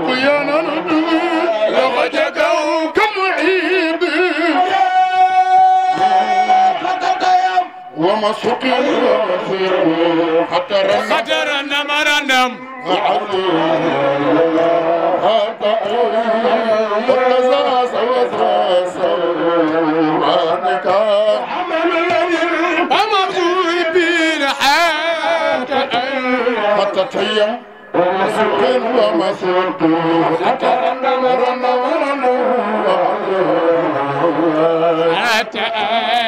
وما سقي حتى رنم حتى رنم رنم حتى وزراس وزراس وانك حمل وما قوي بالحياة حتى تيم ومسكين ومسكت أترنم رنم رنم أتأ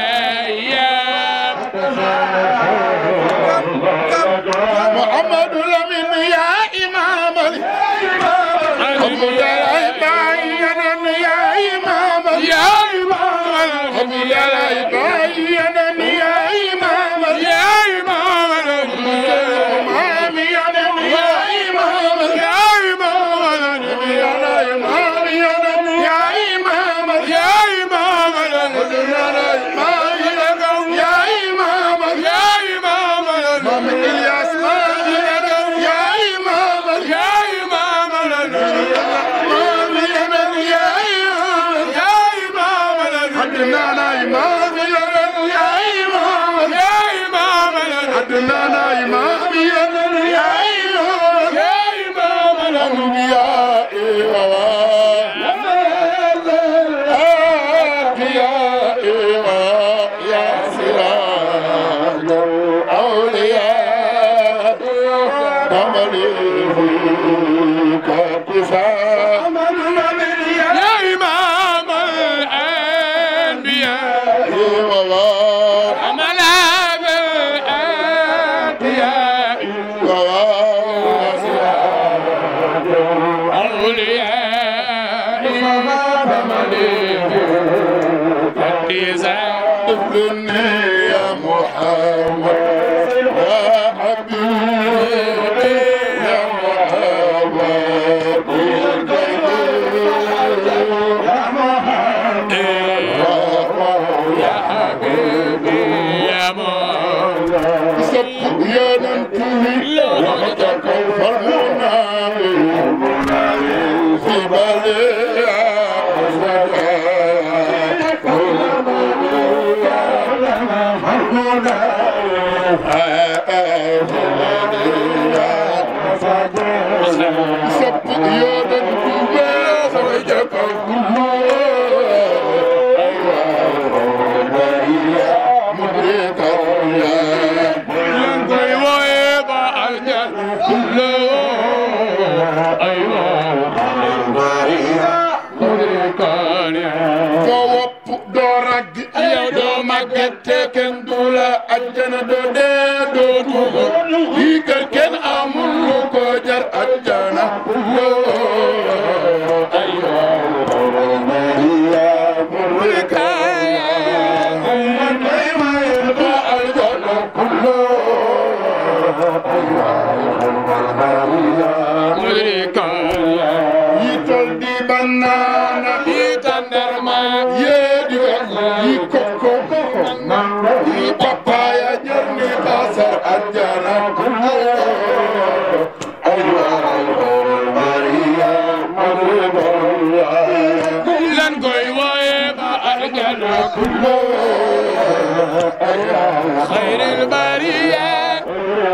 خير البرية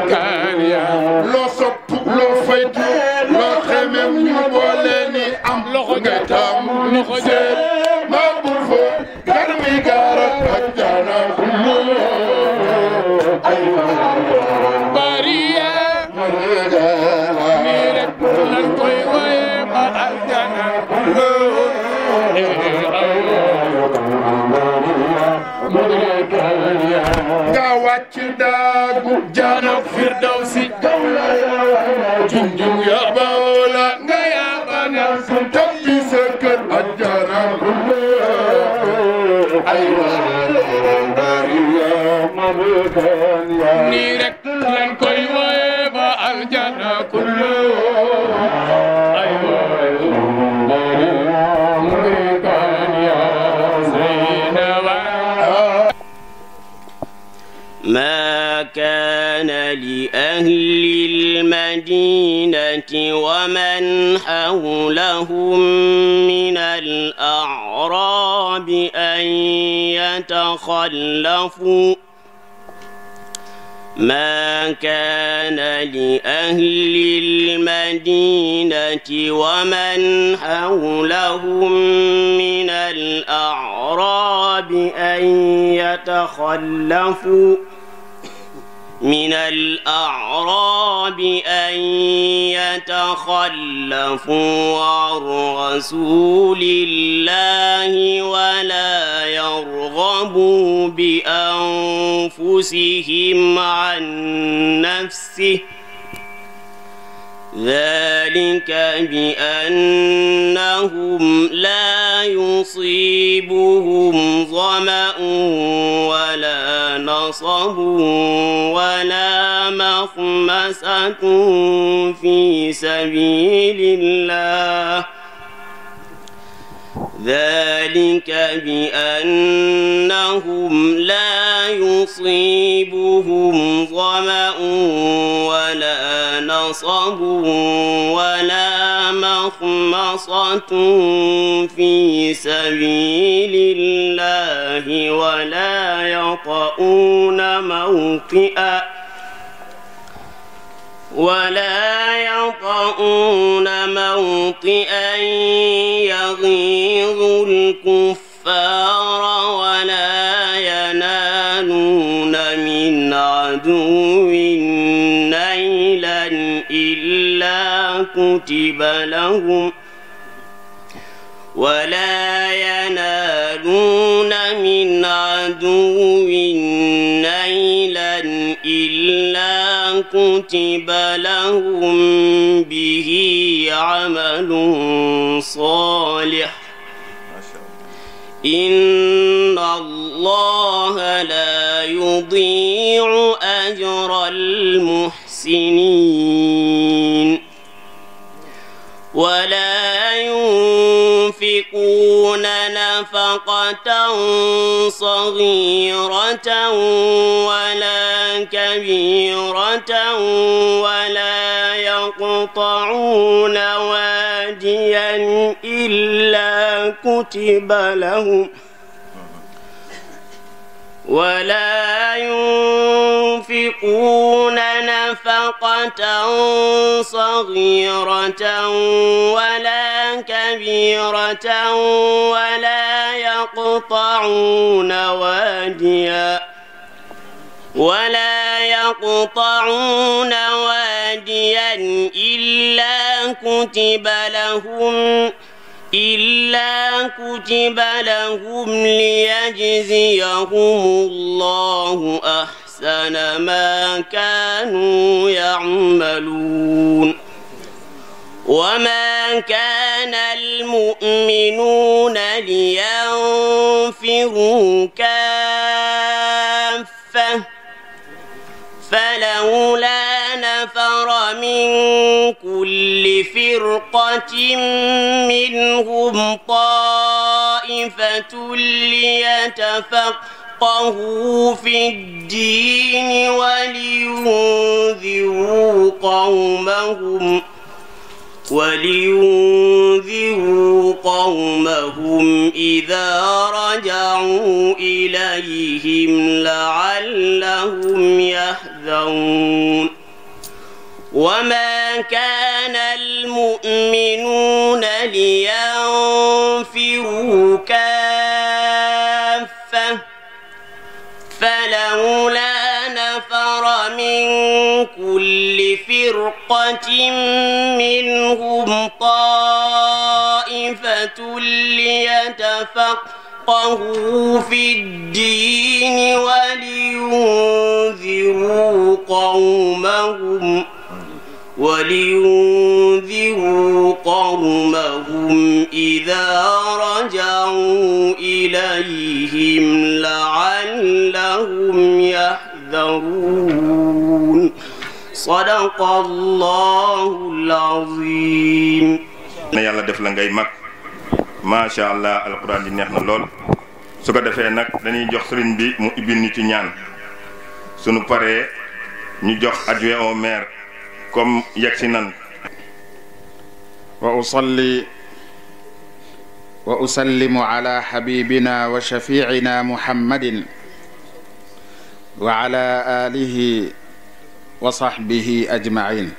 كان يا لو صب لو فيت لو خمم يبولني أم لو غتام لو غتام ما برفو كرمي كارت حتى نقول أيوة wàcc daagu jaana firdawsi kaw la yaa junjung yaa bawla nga yaa banal su toppi sa kër ak jaana ay waa ni rek lan ko لأهل المدينة ومن حولهم من الأعراب أن يتخلفوا ما كان لأهل المدينة ومن حولهم من الأعراب أن يتخلفوا من الأعراب أن يتخلفوا عن رسول الله ولا يرغبوا بأنفسهم عن نفسه ذلك بأنهم لا يصيبهم ظمأ ولا نصب ولا مخمسة في سبيل الله ذلك بأنهم لا يصيبهم ظمأ عصة في سبيل الله ولا يطؤون موطئا ولا يطؤون موطئا يغيظ الكفار ولا ينالون من عدو نيلا إلا كتب لهم ولا ينالون من عدو نيلا إلا كتب لهم به عمل صالح إن الله لا يضيع أجر المحسنين ولا ينفقون نفقة صغيرة ولا كبيرة ولا يقطعون واديا إلا كتب لهم ۖ ولا ينفقون نفقة صغيرة ولا كبيرة ولا يقطعون واديا ولا يقطعون واديا إلا كتب لهم إلا كتب لهم ليجزيهم الله أحسن ما كانوا يعملون وما كان المؤمنون لينفروا كافة فلولا نفر من كل فرقة منهم طائفة ليتفقهوا في الدين ولينذروا قومهم ولينذروا قومهم إذا رجعوا إليهم لعلهم يحذرون وما كان المؤمنون لينفروا كافة فلولا نفر من كل فرقة منهم طائفة ليتفقهوا في الدين ولينذروا قومهم ولينذروا قومهم إذا رجعوا إليهم لعلهم يحذرون صدق الله العظيم na yàlla def la ngay mag macha allah alquran di neex na lool su ko defee nag dañuy jox sëriñ bi mu ibbil ñu ci ñaan sunu paree ñu jox adjoint au maire comme yegsi nan wa usalli wa usallimu ala xabibina wa shafiicina muhammadin wa ala alihi wa saxbihi ajmain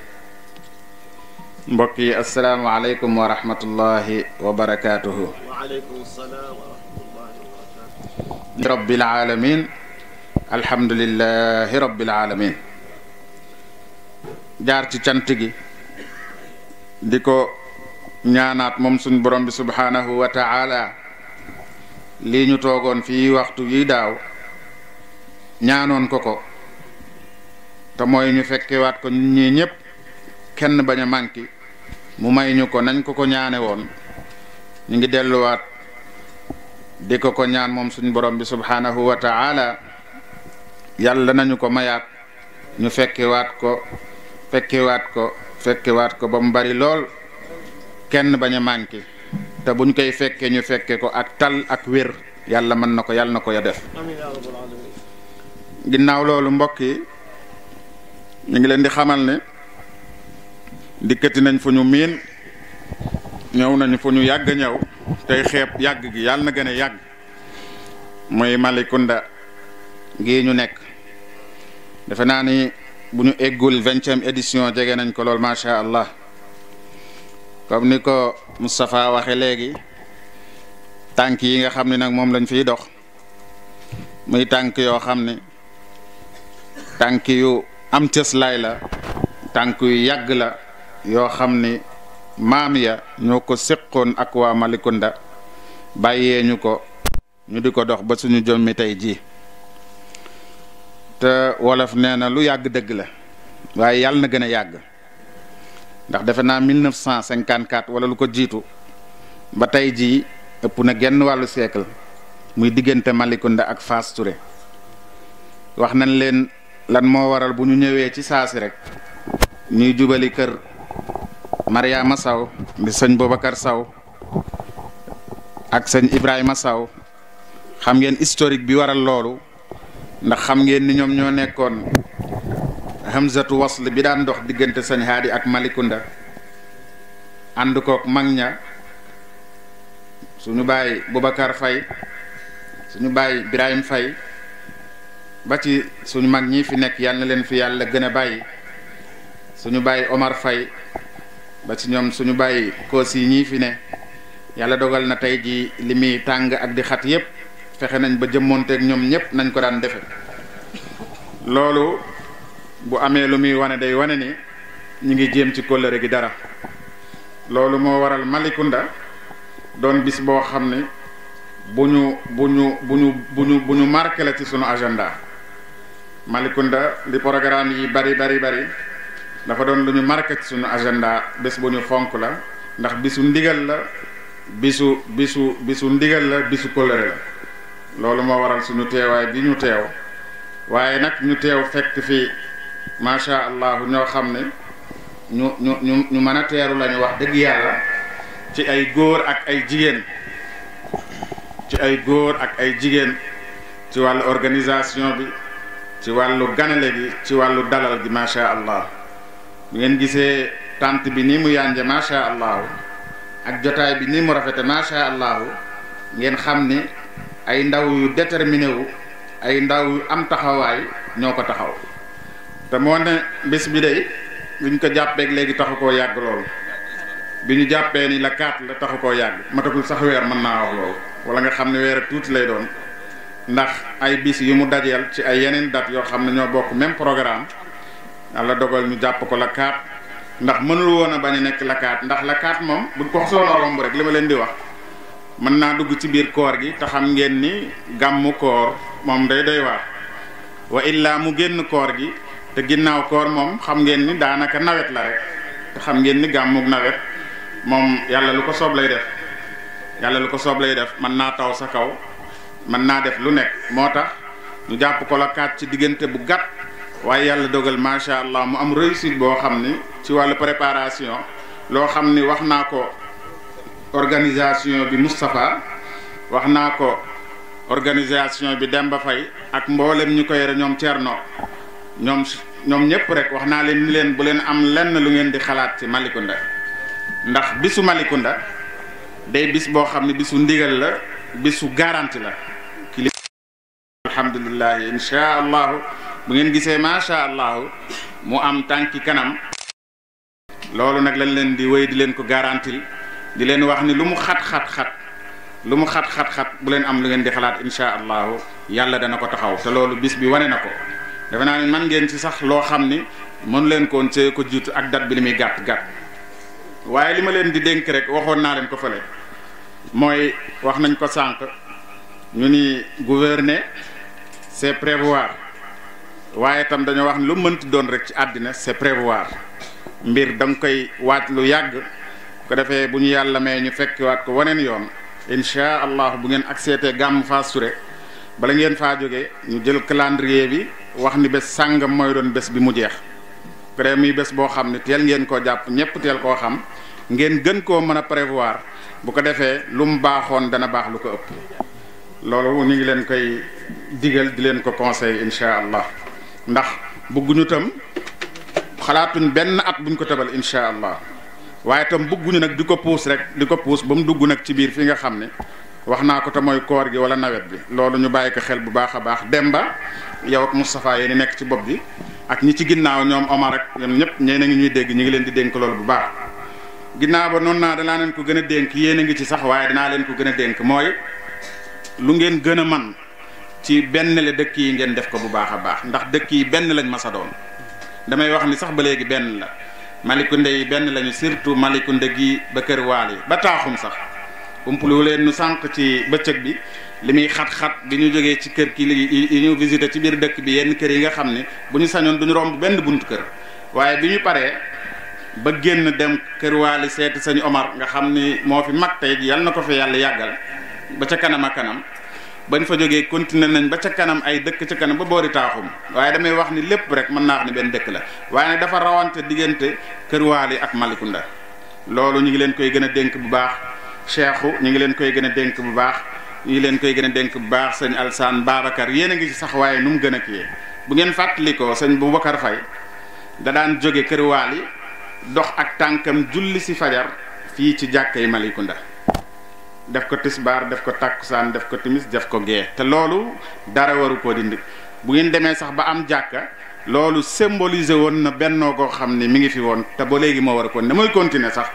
mbokk yi asalaamu aleykum wa rahmatullahi wa barakaatuhu rabbil alamin alhamdulilahi rabbil alamin jaar ci cant gi di ko ñaanaat moom suñ borom bi subhaanahu wa taala lii ñu toogoon fii waxtu yi daaw ñaanoon ko ko te mooy ñu fekkewaat ko ñun ñii ñëpp kenn bañ a manki mu may ñu ko nañ ko ko ñaane woon ñu ngi delluwaat di ko ko ñaan moom suñ borom bi subhaanahu wa taala yàlla nañu ko mayaat ñu fekkewaat ko fekkiwaat ko fekkiwaat ko ba mu bari lool kenn bañ a manqué te buñ koy fekkee ñu fekke ko ak tal ak wér yàlla mën na ko yàlla na ko ya def ginnaaw loolu mbokk yi ñu ngi leen di xamal ne dikkati nañ fu ñu miin ñëw nañ fu ñu yàgg ñëw tey xeeb yàgg gi yàlla na gën a yàgg muy Malicounda gii ñu nekk defe naa ni bu ñu eggul vingtième édition jege nañ ko lool macha allah comme ni ko Moustapha waxe léegi tànk yi nga xam ni nag moom lañ fiy dox muy tànk yoo xam ne tànk yu am cëslaay la tànk yu yàgg la yoo xam ni maam ya ñoo ko séqoon ak waa Malicounda bàyyee ñu ko ñu di ko dox ba suñu jommi tey ji te wolof nee na lu yàgg dëgg la waaye yàlla na gën a yàgg ndax defe naa 1954 wala lu ko jiitu ba tey jii ëpp na genn wàllu siècle muy diggante Malicounda ak Fass Touré wax nañ leen lan moo waral bu ñu ñëwee ci saasi rek ñuy jubali kër Mariama Saw di sëñ Boubacar Saw ak sëñ Ibrahima Saw xam ngeen historique bi waral loolu ndax xam ngeen ni ñoom ñoo nekkoon hamzatu wasl bi daan dox diggante sañ haadi ak malikunda ànd kook mag ña suñu bàyyi Boubacar Faye suñu bàyyi Ibrahim Faye ba ci suñu mag ñi fi nekk yal leen fi yàlla gën bàyyi suñu bàyyi Omar Faye ba ci ñoom suñu bàyyi koos yi ñii fi ne yàlla dogal na tey ji li muy tàng ak di xat yépp fexe nañ ba jëmmoonteeg ñoom ñépp nañ ko daan defe loolu bu amee lu muy wane day wane ni ñu ngi jéem ci kóllëre gi dara loolu moo waral Malicounda doon bis boo xam ne bu ñu bu ñu bu ñu bu ñu bu la ci sunu agenda Malicounda li programme yi bari bari bari dafa doon lu ñu marqué ci sunu agenda bés bu ñu fonk la ndax bisu ndigal la bisu bisu bisu ndigal la bisu kóllëre la loolu moo waral suñu teewaay bi ñu teew waaye nag ñu teew fekk fi macha allah ñoo xam ne ñu ñu ñu ñu mën a teeru la ñu wax dëgg yàlla ci ay góor ak ay jigéen ci ay góor ak ay jigéen ci wàllu organisation bi ci wàllu ganale gi ci wàllu dalal gi macha allah ngeen gisee tant bi nii mu yànje macha allah ak jotaay bi nii mu rafete macha allah ngeen xam ni. ay ndaw yu déterminé wu ay ndaw yu am taxawaay ñoo ko taxaw te moo ne bés bi day buñ ko jàppeek léegi taxu koo yàgg loolu bi ñu jàppee ni la kaat la taxu koo yàgg matagul sax weer mën naa wax loolu wala nga xam ne weer tuuti lay doon ndax ay bis yu mu dajeel ci ay yeneen date yoo xam ne ñoo bokk même programme la dogal ñu jàpp ko la kaat ndax mënul woon a bañ a nekk la kaat ndax la kaat moom buñ ko soona romb rek li ma leen di wax mën naa dugg ci biir koor gi te xam ngeen ni gàmmu koor moom day doy waar wa illaa mu génn koor gi te ginnaaw koor moom xam ngeen ni daanaka nawet la rek te xam ngeen ni gàmmuk nawet moom yàlla lu ko soob lay def yàlla lu ko soob lay def mën naa taw sa kaw mën naa def lu nekk moo tax ñu jàpp ko la kaat ci diggante bu gàtt waaye yàlla dogal macha allah mu am réussit boo xam ni ci wàllu préparation loo xam ni wax naa ko organisation bi Moustapha wax naa ko organisation bi dem ba Faye ak mboolem ñu ko yore ñoom Thierno ñoom ñoom ñëpp rek wax naa leen ni leen bu leen am lenn lu ngeen di xalaat ci Malicounda ndax bisu Malicounda day bis boo xam ne bisu ndigal la bisu garanti la kili alhamdulilahi inchaa allahu bu ngeen gisee macha allahu mu am tànki kanam loolu nag lañ leen di wéy di leen ko garantil di leen wax ni lu mu xat-xat-xat lu mu xat xat bu leen am lu ngeen di xalaat insha allahu yàlla dana ko taxaw te loolu bis bi wane na ko defe naa ni man ngeen ci sax loo xam ni mënu leen koon cee ko jiitu ak dat bi li muy gàtt-gàtt waaye li ma leen di dénk rek waxoon naa leen ko fële mooy wax nañ ko sànq ñu ni gouverner c'est prévoir waaye itam dañoo wax ni lu mënti doon rek ci àddina c'est prévoir mbir da koy waaj lu yàgg ko defee bu ñu yàlla may ñu fekkiwaat ko woneen yoon incha allah bu ngeen accepté gàmm Fass Touré bala ngeen faa jóge ñu jël calendrier bi wax ni bés sàngam mooy doon bés bi mu jeex pré muy bés boo xam ne teel ngeen koo jàpp ñépp teel koo xam ngeen gën koo mën a prévoir bu ko defee lu mu baaxoon dana baax lu ko ëpp loolu ñu ngi leen koy digal di leen ko conseil incha allah ndax bëgguñu tam xalaatuñ benn at buñ ko tebal incha allah waaye tam bëgguñu nag di ko puus rek di ko puus ba mu dugg nag ci biir fi nga xam ne wax naa ko te mooy koor gi wala nawet bi loolu ñu bàyyi ko xel bu baax a baax dem ba yow ak Moustapha yéen nekk ci bopp bi ak ñi ci ginnaaw ñoom Omar ak ñoom ñëpp ñeen na ngi ñuy dégg ñu ngi leen di dénk loolu bu baax ginnaaw ba noonu naa danaa leen ko gën a dénk yéen a ngi ci sax waaye danaa leen ko gën a dénk mooy lu ngeen gën a man ci benn la dëkk yi ngeen def ko bu baax a baax ndax dëkk yi benn lañ masa doon damay wax ni sax ba léegi benn la malikunde yi benn lañu surtout malikunde gi ba kër waal yi ba taaxum sax umpulu leen nu sànq ci bëccëg bi li muy xat-xat bi ñu jógee ci kër ki yi ñu visité ci biir dëkk bi yenn kër yi nga xam ne bu ñu sañoon duñu romb benn buntu kër waaye bi ñu paree ba génn dem kër waali seeti sañu Omar nga xam ni moo fi mag tey yal na ko fi yàlla yàggal ba ca kanama kanam bañ fa jógee continué nañ ba ca kanam ay dëkk ca kanam ba boori taaxum waaye damay wax ni lépp rek mën naa wax ni benn dëkk la waaye nag dafa rawante diggante Kër Waali ak Malicounda loolu ñu ngi leen koy gën a dénk bu baax Cheikhou ñu ngi leen koy gën a dénk bu baax ñu ngi leen koy gën a dénk bu baax sëñ Alsaan Babacar yéen a ngi ci sax waaye nu mu gën a kiyee bu ngeen fàttalikoo sëñ Boubacar Faye da daan jóge Kër dox ak tànkam julli si fajar fii ci jàkkay Malicounda def ko tisbaar def ko tàkkusaan def ko timis def ko gee te loolu dara waru koo dindi bu ngeen demee sax ba am jàkka loolu symboliser woon na bennoo koo xam ne mi ngi fi woon te ba léegi moo war a kon ne mooy continuer sax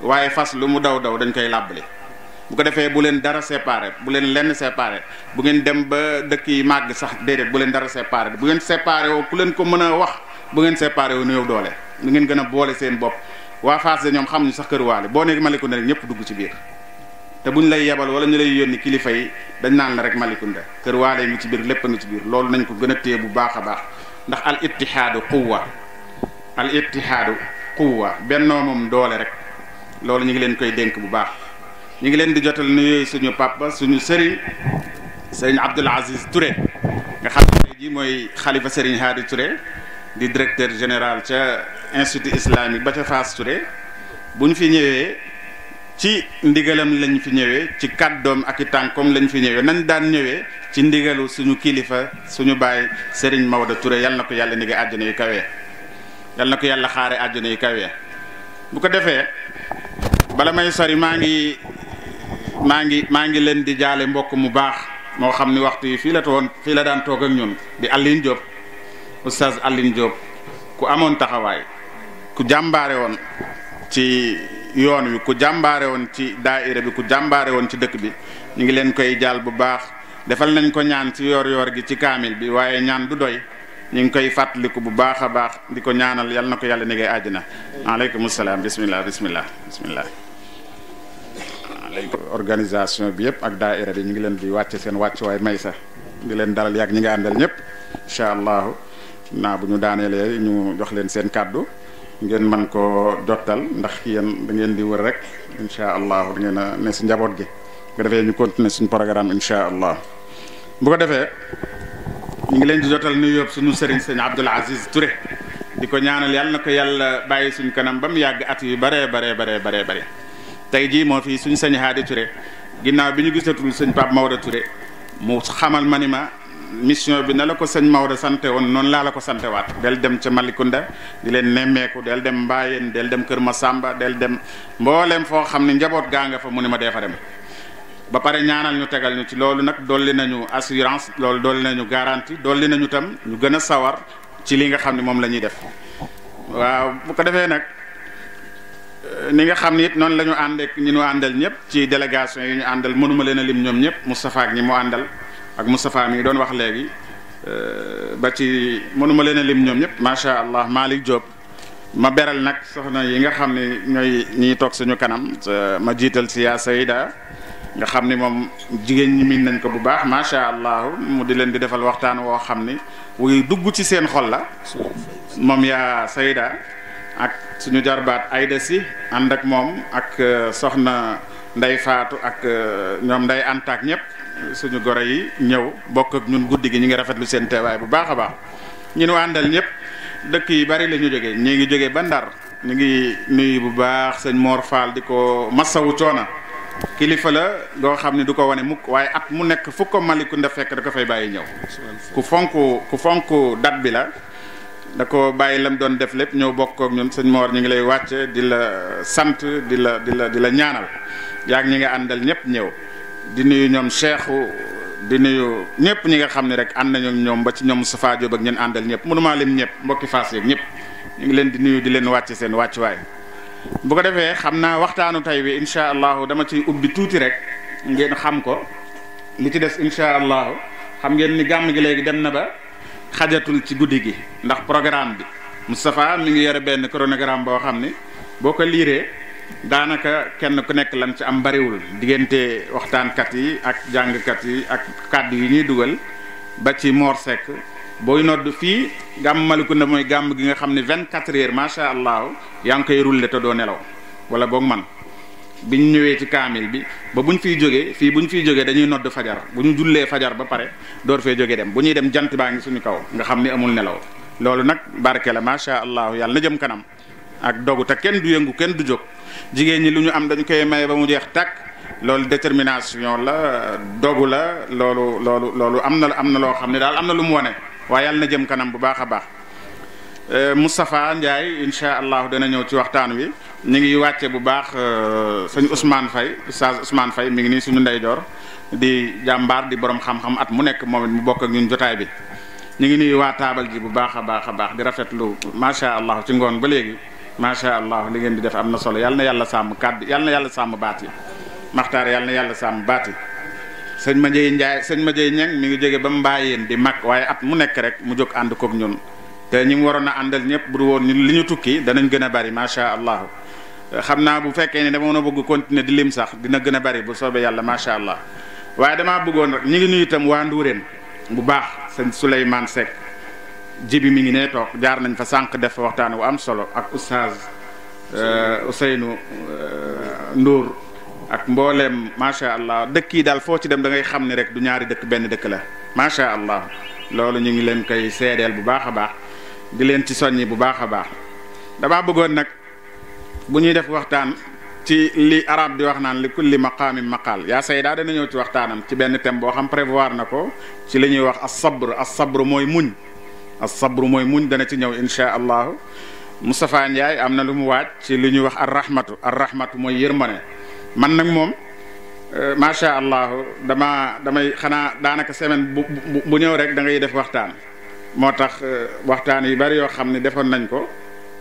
waaye fas lu mu daw daw dañ koy làbbali bu ko defee bu leen dara séparé bu leen lenn séparé bu ngeen dem ba dëkk yi màgg sax déedéet bu leen dara séparé bu ngeen séparé woo ku leen ko mën a wax bu ngeen séparé woo néew doole lu ngeen gën a boole seen bopp waa Fass de ñoom xamuñu sax kër waale boo nekk Malicounda rek ñëpp dugg ci biir te bu buñ lay yebal wala ñu lay yónni kilifa yi dañ naan la rek malikunda kër waale ngi ci biir lépp ngi ci biir loolu nañ ko gën a téye bu baax baax ndax al ittihaadu quwwa al ittihaadu quwwa bennoo moom doole rek loolu ñu ngi leen koy dénk bu baax ñu ngi leen di jotal nuyooyu suñu papa suñu sëriñ sëriñ Abdoul Aziz Touré nga xam mooy xalifa sëriñ Haadi Touré di directeur général ca institut islamique ba ca fas Touré bu ñu fi ñëwee ci ndigalam lañ fi ñëwee ci kàddoom ak i tànkoom lañ fi ñëwee nañ daan ñëwee ci ndigalu suñu kilifa suñu baay Serigne Maodo ture yal na ko yàlla nige àjjana yi kawe yal na ko yàlla xaare àjjana yi kawe bu ko defee bala may sori maa ngi maa ngi maa ngi leen di jaale mbokk mu baax moo xam ni waxtu yi fii la fii la daan toog ak ñun di Aline Diop oustaz Aline Diop ku amoon taxawaay ku jàmbaare woon ci. yoon wi ku jàmbaare woon ci daa daaira bi ku jàmbaare woon ci dëkk bi ñu ngi leen koy jaal bu baax defal nañ ko ñaan ci yoor yoor gi ci kaamil bi waaye ñaan du doy ñu ngi koy fàttaliku bu baax a baax di ko ñaanal yal na ko yàlla nigay àjjana aleykum salaam bismillah bismillah bismillah organisation bi yëpp ak daaira bi ñu ngi leen di wàcce seen wàccuwaay may sa di leen dalal yàgg ñi nga àndal ñëpp incha allahu naa bu ñu daaneelee ñu jox leen seen kàddu ngeen man koo dottal ndax yéen da ngeen di wër rek incha allah da a ne si njaboot gi bu ko defee ñu continuer suñu programme incha allah bu ko defee ngi leen di jotal nuyu yëpp suñu sëriñ sëñ Abdoul Aziz Touré di ko ñaanal yàlla na ko yàlla bàyyi suñu kanam ba mu yàgg at yu baree baree baree baree bare tey jii moo fi suñ sëñ Haadi Touré ginnaaw bi ñu gisatul sëñ Pape Maodo ture mu xamal ma mission bi na la ko sëñ Maodo sante woon noonu laa la ko sante waat del dem ca Malicounda di leen nemmeeku del dem Mbayeen del dem Kër ma sàmba del dem mbooleem foo xam ne njaboot gaa nga fa mu ne ma dee fa dem ba pare ñaanal ñu tegal ñu ci loolu nag dolli nañu assurance loolu dolli nañu garantie dolli nañu tam ñu gën a sawar ci li nga xam ne moom la ñuy def waaw bu ko defee nag euh, ni nga xam ne it noonu la ñu ànd ak ñi ñu àndal ñëpp ci délégation yi ñu àndal mënuma leen a ñoom ñëpp Moustapha ñi mu àndal ak Moustapha mi ngi doon wax léegi euh, ba ci mënuma leen a lim ñoom ñëpp macha allah Malick Diop ma beral nag soxna yi nga xam ne ñooy ñiy toog suñu kanam ma jiital si yaa Sayda nga xam ni moom jigéen ñi miin nañ ko bu baax macha allah mu di leen di defal waxtaan woo xam ni wuy dugg ci seen xol la moom yaa Sayda ak suñu jarbaat Ayda si ànd ak moom ak euh, soxna. nday faatu ak euh, ñoom nday antaak ñëpp suñu goro yi ñëw bokk ak ñun guddi gi ñu ngi rafetlu seen teewaay bu baax a baax ñun waa Ndel ñëpp dëkk yi bari la ñu jógee ñu ngi jógee ba Ndar ñu ngi nuyu bu baax sëñ Mor Fall di ko massawu coona kilifa la goo xam ne du ko wane mukk waaye at mu nekk fu ko Malicounda fekk da ko fay bàyyi ñëw ku fonk ku fonk dat bi la da ko bàyyi lam doon def lépp ñëw bokk ak ñun sëñ Mor ñu ngi lay wàcce di la sant di la di la di la ñaanal yaa ngi ñi nga àndal ñëpp ñëw di nuyu ñoom Cheikhou di nuyu ñëpp ñi nga xam ne rek ànd nañu ñoom ba ci ñoom sa Diop ak ñeen àndal ñëpp mënumaa leen ñëpp mbokki fas yeeg ñëpp ñu ngi leen di nuyu di leen wàcce seen wàccuwaay bu ko defee xam naa waxtaanu tey bi incha allahu dama ci ubbi tuuti rek ngeen xam ko li ci des incha allahu xam ngeen ni gàmm gi léegi dem na ba. xajatul ci guddi gi ndax programme bi Moustapha mi ngi yore benn chronogramme boo xam ne boo ko liiree daanaka kenn ku nekk lan ci am bariwul diggante waxtaankat yi ak jàngkat yi ak kàdd yi ñuy dugal ba ci Mor Seck booy nodd fii gàmm Malicounda mooy gàmm gi nga xam ne vingt-quatre heures macha allah yaa ngi koy rulle te doo nelaw wala boog man bi ñu ñëwee ci kaamil bi ba bu ñu fiy jógee fii bu ñu fiy jógee dañuy nodd fajar bu ñu jullee fajar ba pare door fee jógee dem bu ñuy dem jant baa ngi suñu kaw nga xam ni amul nelaw loolu nag barke la macha allah yàlla na jëm kanam ak dogu te kenn du yëngu kenn du jóg jigéen ñi lu ñu am dañu koy maye ba mu jeex tàkk loolu détermination la dogu la loolu loolu loolu am na am na loo xam ne daal am na lu mu wane waaye yàlla na jëm kanam bu baax a baax. Euh, Moustapha Ndiaye incha allah dana ñëw ci waxtaan wi ñu ngi wàcce bu baax euh, sëñ Ousmane fay Oustaz Ousmane fay mi ngi nii suñu ndeyjoor di jàmbaar di borom xam-xam at mu nekk moom it mu bokk ak ñun jotaay bi. ñu ngi nuyu waa taabal ji bu baax a baax a baax di rafetlu macha allah ci ngoon ba léegi macha allah li ngeen di def am na solo yal na yàlla sàmm kàddu yal na yàlla sàmm baat yi maxtaar yal na yàlla sàmm baat yi. sëñ ma Ndiaye sëñ Madiaye Niang ngi jege ba Mbaayeen di mag waaye at mu nekk rek mu jóg ànd koog ñun te ñi waroon a àndal ñëpp bu woon li ñu tukki danañ gën a bari macha allah xam naa bu fekkee ne dama mën a bëgg continuer di lim sax dina gën a bari bu soobee yàlla macha allah waaye damaa bëggoon rek ñu ngi nuyu itam waa Ndourène bu baax sëñ Souleymane Seck jibi mi ngi ne toog jaar nañ fa sànq def fa waxtaan wu am solo ak oustaz euh, Ousseynou euh, Ndour ak mbooleem macha allah dëkk yi daal foo ci dem da xam ne rek du ñaari dëkk benn dëkk la macha allah loolu ñu ngi leen koy seedeel bu baax a baax. di leen ci soññi bu baax a baax damaa bëggoon nag bu ñuy def waxtaan ci li arab di wax naan li kulli maqaamin maqaal yaa saydaa dana ñëw ci waxtaanam ci benn thème boo xam prévoir na ko ci li ñuy wax as sabr as sabr mooy muñ as sabr mooy muñ dana ci ñëw insha allahu Moustapha Ndiaye am na lu mu waaj ci li ñuy wax ar rahmatu ar rahmatu mooy yërmane man nag moom euh, macha allah dama damay xanaa daanaka semaine bu bu ñëw rek da ngay def waxtaan. moo tax euh, waxtaan yu bari yoo xam ne defoon nañ ko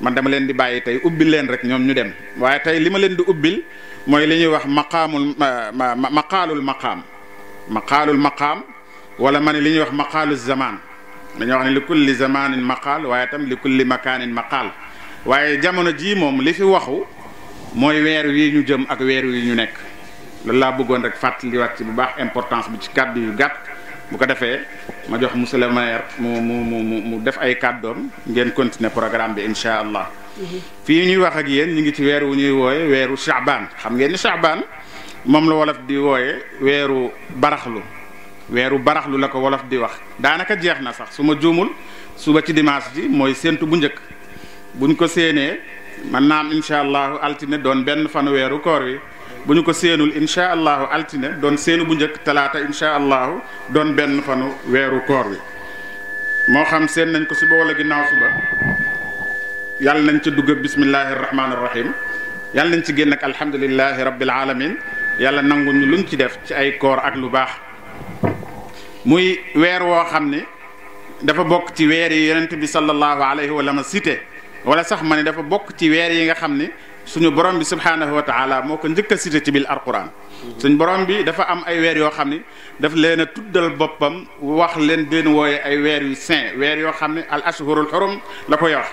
man dama leen di bàyyi tey ubbil leen rek ñoom ñu dem waaye tey li ma leen di ubbil mooy li ñuy wax maqaamul maqaalul maqaam maqaalul maqaam wala ma ne li ñuy wax maqaalu zamaan dañoo wax ne li kulli zamaanin maqaal waaye tam li kulli makaanin maqaal waaye jamono jii moom li fi waxu mooy weer wii ñu jëm ak weer wii ñu nekk loolu laa bëggoon rek fàttaliwaat ci bu baax importance bi ci kàddu yu gàtt bu ko defee ma jox monsieur le maire mu mu mu mu def ay kàddoom ngeen continuer programme bi incha allah. Mm-hmm. fii ñuy wax ak yéen ñu ngi ci weer wu ñuy wooye weeru Chaabaan xam ngeen ni Chaabaan moom la wolof di wooye weeru baraxlu weeru baraxlu la ko wolof di wax. daanaka jeex na sax su ma juumul suba ci dimanche ji mooy séentu bu njëkk buñ ko séenee man naam incha allah altine doon benn fanu weeru koor wi. bu ñu ko seenul incha allah altine doon seenu bu njëkk talaata incha allahu doon benn fanu weeru koor wi moo xam séen nañ ko si wala ginnaaw suba yàlla nañ ci dugg bismillahi rahmaani yàlla nañ ci génn ak alhamdulillahi rabbil alamin yàlla nangu ñu luñ ci def ci ay koor ak lu baax muy weer woo xam ne dafa bokk ci weer yi yonent bi sallallahu alayhi wa sallam cité wala sax ma ne dafa bokk ci weer yi nga xam ni suñu borom bi subhaanahu wa taala moo ko njëkk a cité ci biir alquran suñu borom bi dafa am ay weer yoo xam ne daf leen a tuddal boppam wax leen deen wooye ay weer yu saint weer yoo xam ne al ashhurul xurum la ko wax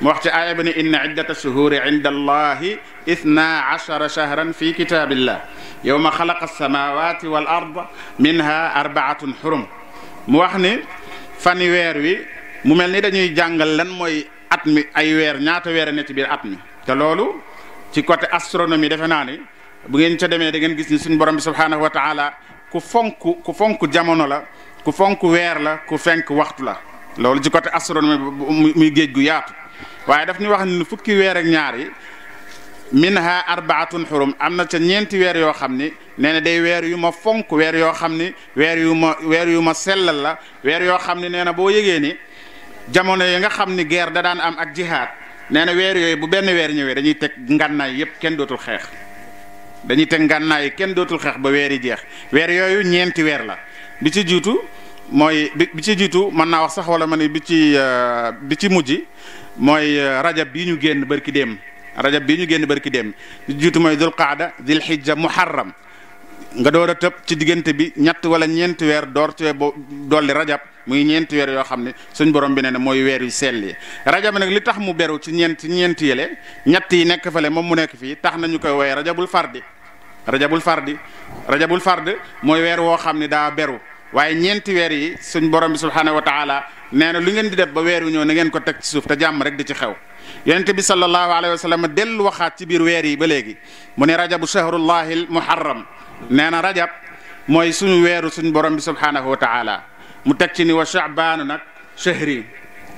mu wax ci aaya bi ne inna iddata shuhuri inda allahi ithna ashara shahran fi kitabillah yowma xalaqa alsamawati wal arda minha arbaatun xurum mu wax ni fani weer wi mu mel ni dañuy jàngal lan mooy at mi ay weer ñaata weer ne ci at mi te loolu ci côté astronomie defe naa ni bu ngeen ca demee da ngeen gis ni suñu borom bi subhaanahu wa taala ku fonk ku fonk jamono la ku fonk weer la ku fenk waxtu la loolu ci côté astronomie muy géej gu yaatu waaye daf ñu wax ni fukki weer ak ñaar yi minha arbaatun xurum am na ca ñeenti weer yoo xam ni nee na day weer yu ma fonk weer yoo xam ni weer yu ma weer yu ma sellal la weer yoo xam ni nee na boo yëgee ni jamono yi nga xam ni guerre da daan am ak jihaad nee na weer yooyu bu benn weer ñëwee dañuy teg ngànnaay yépp kenn dootul xeex dañuy teg ngànnaay kenn dootul xeex ba weer yi jeex weer yooyu ñeenti weer la bi ci jiitu mooy bi ci jiitu mën naa wax sax wala man ne bi ci euh, bi ci mujj mooy euh, rajab bi ñu génn barki dem rajab bi ñu génn barki dem bi ci jiitu mooy dul qaada dil xijja muharram nga door a tëb ci diggante bi ñett wala ñeenti weer door cee bo dolli rajab muy ñeenti weer yoo xam ne suñ borom bi ne ne mooy weer yu sell yi rajab nag li tax mu beru ci ñeenti ci ñeent yële ñett yi nekk fale moom mu nekk fii tax nañu koy woowee rajabul fardi rajabul fardi rajabul fard mooy weer woo xam ne daa beru waaye ñeenti weer yi suñ borom bi subhaanahu wa taala nee na lu ngeen di def ba weer wu ñëw na ngeen ko teg ci suuf te jàmm rek di ci xew yonente bi sallallahu alayhi wa sallam dellu waxaat ci biir weer yi ba léegi mu ne rajabu shahrullahil muharram nee na rajab mooy suñu weeru suñ borom bi subhaanahu wa taala mu teg ci ni wa chaabaanu nag chahri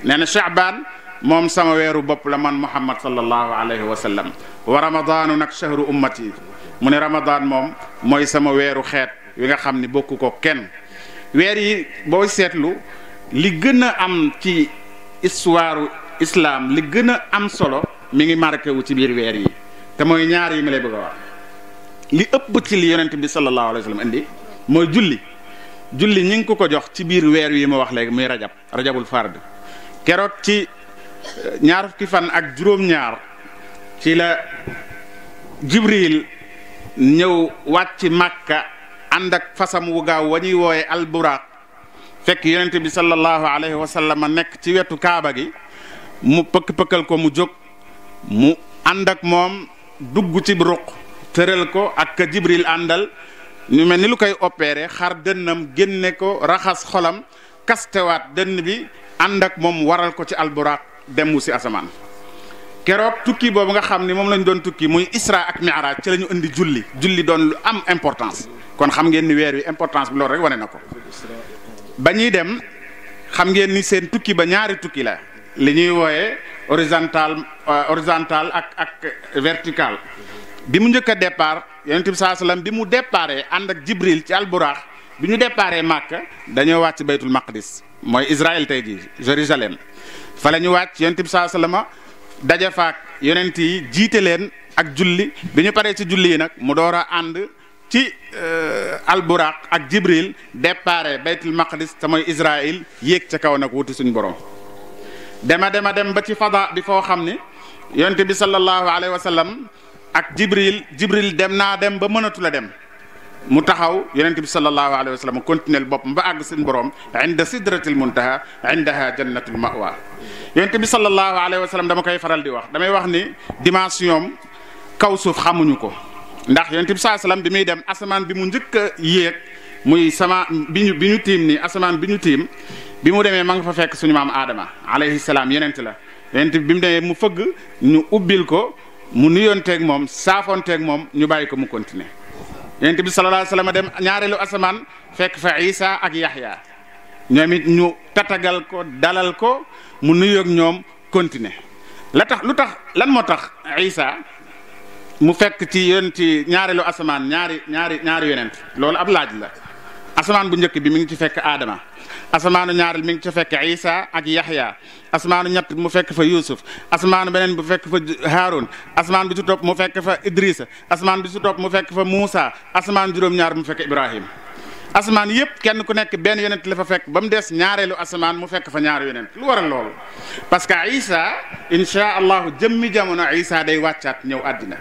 nee na chaabaan moom sama weeru bopp la man muhammad sallallahu alayhi wa sallam wa ramadaanu nag chahru ummati mu ne ramadaan moom mooy sama weeru xeet wi nga xam ni bokku ko kenn weer yi boo seetlu li gën a am ci histoire islaam li gën a am solo mi ngi marqué wu ci biir weer yi te mooy ñaar yi ma lay bëgg a li ëpp ci li yonent bi sallallahu alayhi wa sallam indi mooy julli julli ñi ngi ko ko jox ci biir weer wi ma wax léegi muy rajab rajabul fard keroot ci eh, ñaar fukki fan ak juróom-ñaar ci la jibril ñëw wàcc màkka ànd ak fasam wu gaaw wa ñuy wooye alburaaq fekk yonent bi sallallahu alayhi wa nekk ci wetu kaaba gi mu pëkk ko mu jóg mu ànd moom dugg ci ruq tëral ko ak jibril àndal ñu mel ni lu koy opéré xar dënnam génne ko raxas xolam kastewaat dënn bi ànd ak moom waral ko ci alburaaq dem wu si asamaan keroog tukki boobu nga xam ni moom lañ doon tukki muy isra ak miraaj ci la ñu indi julli julli doon lu am importance kon xam ngeen ni weer wi importance bi loolu rek wane na ko ba ñuy dem xam ngeen ni seen tukki ba ñaari tukki la li ñuy wooye horizontal euh, horizontal ak ak vertical bi mu njëkk a départ yonent bi saa salaam bi mu déparé ànd ak Jibril ci alburaax bi ñu déparé Màkka dañoo wàcc baytul maqdis mooy Israël tey jii Jérusalem fa la ñu wàcc yonent bi saa salaama daje faak yonent yi jiite leen ak julli bi paree ci julli yi nag mu door a ànd ci euh, alburaax ak Jibril déparé baytul maqdis te mooy Israël yéeg ca kaw nag wuti suñu borom dema sallallahu alayhi wa ak jibril jibril dem naa dem ba mënatu la dem mu taxaw yonent bi sallallahu alayhi wa sallam continuel boppam ba àgg seen borom inda sidratil muntaha indaha jannatul mawa yonent bi sallallahu alayhi wa dama koy faral di wax damay wax ni dimension kaw suuf xamuñu ko ndax yonent bi sallallahu alayhi wa sallam bi muy dem asamaan bi mu njëkk yéeg muy sama bi ñu bi ñu tiim nii asamaan bi ñu tiim bi mu demee ma nga fa fekk suñu maam aadama alayhi salaam yonent la yonent bi mu demee mu fëgg ñu ubbil ko mu nuyonteeg moom saafonteeg moom ñu bàyyi ko mu continuer yonent bi sallallahu alayhi wa sallam dem ñaareelu asamaan fekk fa Isa ak Yaxya ñoom ñu tatagal ko dalal ko mu nuyoog ñoom continuer la tax lu tax lan moo tax Isa mu fekk ci yonent ci ñaareelu asamaan ñaari ñaari ñaari yonent loolu ab laaj la asamaan bu njëkk bi mu ngi ci fekk Adama. asamaanu ñaareel mi ngi ca fekk Isa ak Yaxya asamaanu ñett mu fekk fa Yuusuf asamaanu beneen bu fekk fa Haarun asamaan bi ci mu fekk fa Idrissa asamaan bi ci mu fekk fa Muusa asamaan juróom-ñaar mu fekk Ibrahim asamaan yëpp kenn ku nekk benn yonent la fa fekk ba mu des ñaareelu asamaan mu fekk fa ñaari yonent lu a loolu parce que Isa insha allahu jëmmi jamono Isa day wàccaat ñëw àddina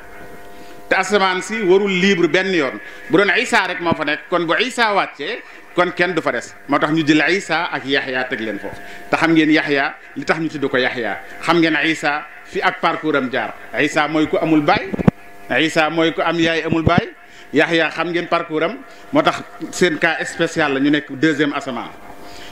te asamaan si warul libre benn yoon bu doon Isa rek moo fa nekk kon bu Isa wàccee kon kenn du fa des moo tax ñu jël isa ak yaxya teg leen foofu te xam ngeen yaxya li tax ñu tudd ko yaxya xam ngeen isa fi ak parcours am jaar isa mooy ku amul baay isa mooy ku am yaay amul baay yaxya xam ngeen parcours am moo tax seen cas spécial la ñu nekk deuxième asamaan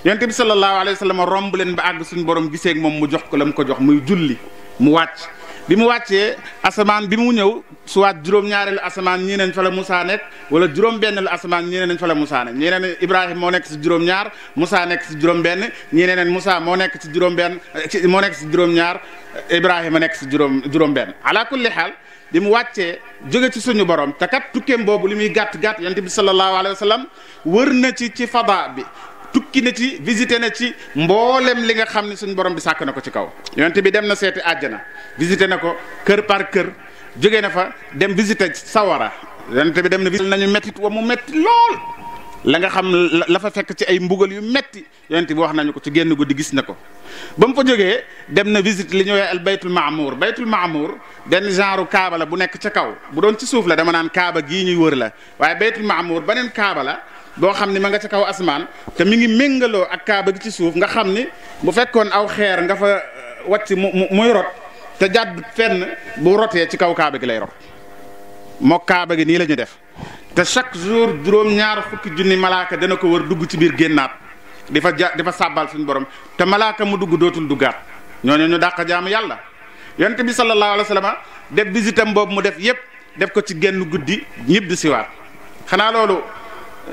yonent bi sallallahu alayhi wa sallam romb leen ba àgg suñu borom gisee moom mu jox ko la mu ko jox muy julli mu wàcc bi mu wàccee asamaan bi mu ñëw soit juróom-ñaareelu asamaan ñii nañ fa la Moussa nekk wala juróom-benneelu asamaan ñii nañ fa la Moussa nekk ñii ne Ibrahima moo nekk si juróom-ñaar musa nekk si juróom-benn ñii ne Moussa moo nekk si juróom-benn moo nekk si juróom-ñaar Ibrahima nekk si juróom juróom-benn ala kulli xaal bi mu wàccee jóge ci suñu borom te kat tukkeem boobu li muy gàtt gàtt yonent bi sallallahu alayhi wa sallam wër na ci ci fadaa bi tukki na ci visité na ci mboolem li nga xam ni suñ borom bi sàkk na ko ci kaw yonent bi dem na seeti àjjana visité na ko kër par kër jóge na fa dem visité sawara yonent bi dem na visité nañu mettit wa mu metti lool la nga xam la fa fekk ci ay mbugal yu metti yonent bi wax nañu ko ci génn guddi gis na ko ba mu fa jógee dem na visite li ñuy al baytul maamour baytul maamour benn genre kaaba bu nekk ca kaw bu doon ci suuf la dama naan kaaba gii ñuy wër la waaye baytul maamour beneen kaaba la boo xam ni ma nga ca kaw asmaan te mu ngi méngaloo ak kaaba gi ci suuf nga xam ni bu fekkoon aw xeer nga fa euh, wàcc mu muy rot te jàdd fenn bu rotee ci kaw kaaba gi lay rot moo kaaba gi nii lañu def te chaque jour juróom-ñaar fukki junni malaaka dana ko war dugg ci biir génnaat di fa ja di fa sàbbal suñu borom te malaaka mu dugg dootul duggaat ñooñu ñu dàq jaamu yàlla yonent bi sallallahu alayhi wa sallam def visitam mu def yépp def ko ci genn guddi ñëpp di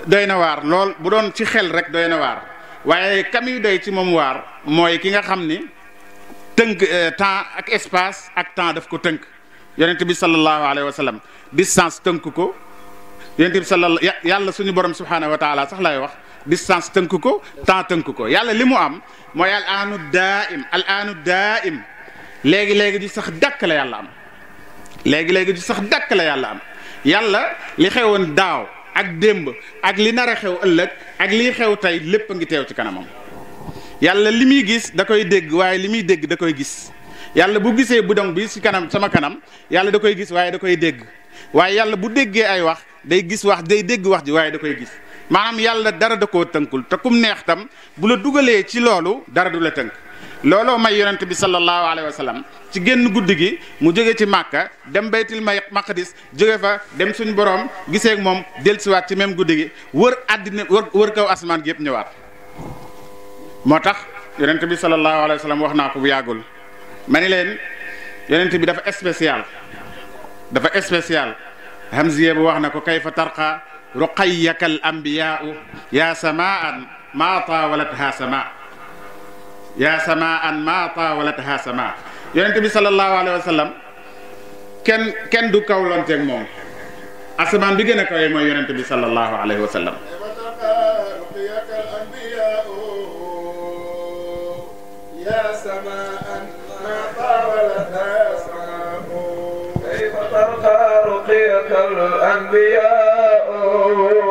doy na waar lool bu doon ci xel rek doy na waar waaye kamuy doy ci moom waar mooy ki nga xam ni tënk euh, temps ak espace ak temps def ko tënk yonent bi sallallahu alayhi wa sallam distance tënk ko yonent bi sallallahu yàlla suñu borom subhaanahu wa sax lay wax distance tënk ko temps tënk ko yàlla li mu am mooy al aanu daaim al aanu daaim léegi léegi ju sax dàkk la yàlla am léegi léegi di sax dàkk la yàlla am yàlla li xewoon daaw. ak démb ak li nar a xew ëllëg ak liy xew tey lépp a ngi teew ci kanamam yàlla li muy gis da koy dégg waaye li muy dégg da koy gis yàlla bu gisee bu bidong bi ci kanam sama kanam yàlla da koy gis waaye da koy dégg waaye yàlla bu déggee ay wax day gis wax day dégg wax ji waaye da koy gis maanaam yàlla dara da koo tënkul te kum neex tam bu la dugalee ci loolu dara du la tënk looloo may yonent bi sallallahu alayhi wa sallam ci génn guddi gi mu jóge ci màkka dem baytil ma maqadis jóge fa dem suñu boroom gisee ak moom dellusiwaat ci même guddi gi wër àddina wër kaw asmaan gi yëpp ñëwaat moo tax yonent bi sallallahu alayhi wa sallam wax naa ko bu yàggul mani leen yonent bi dafa spécial dafa spécial hamziye bu wax na ko kayfa tarqa ruqayyakal anbiyaau yaa samaan maa taawalat ha sama yaa samaan maa taawalat ha sama yonent bi sallallahu alayhi wa sallam kenn kenn du kawlonteeg moom asamaan bi gën a kawee mooy yonent bi sallallahu alayhi wa sallam ترقى رقيك الأنبياء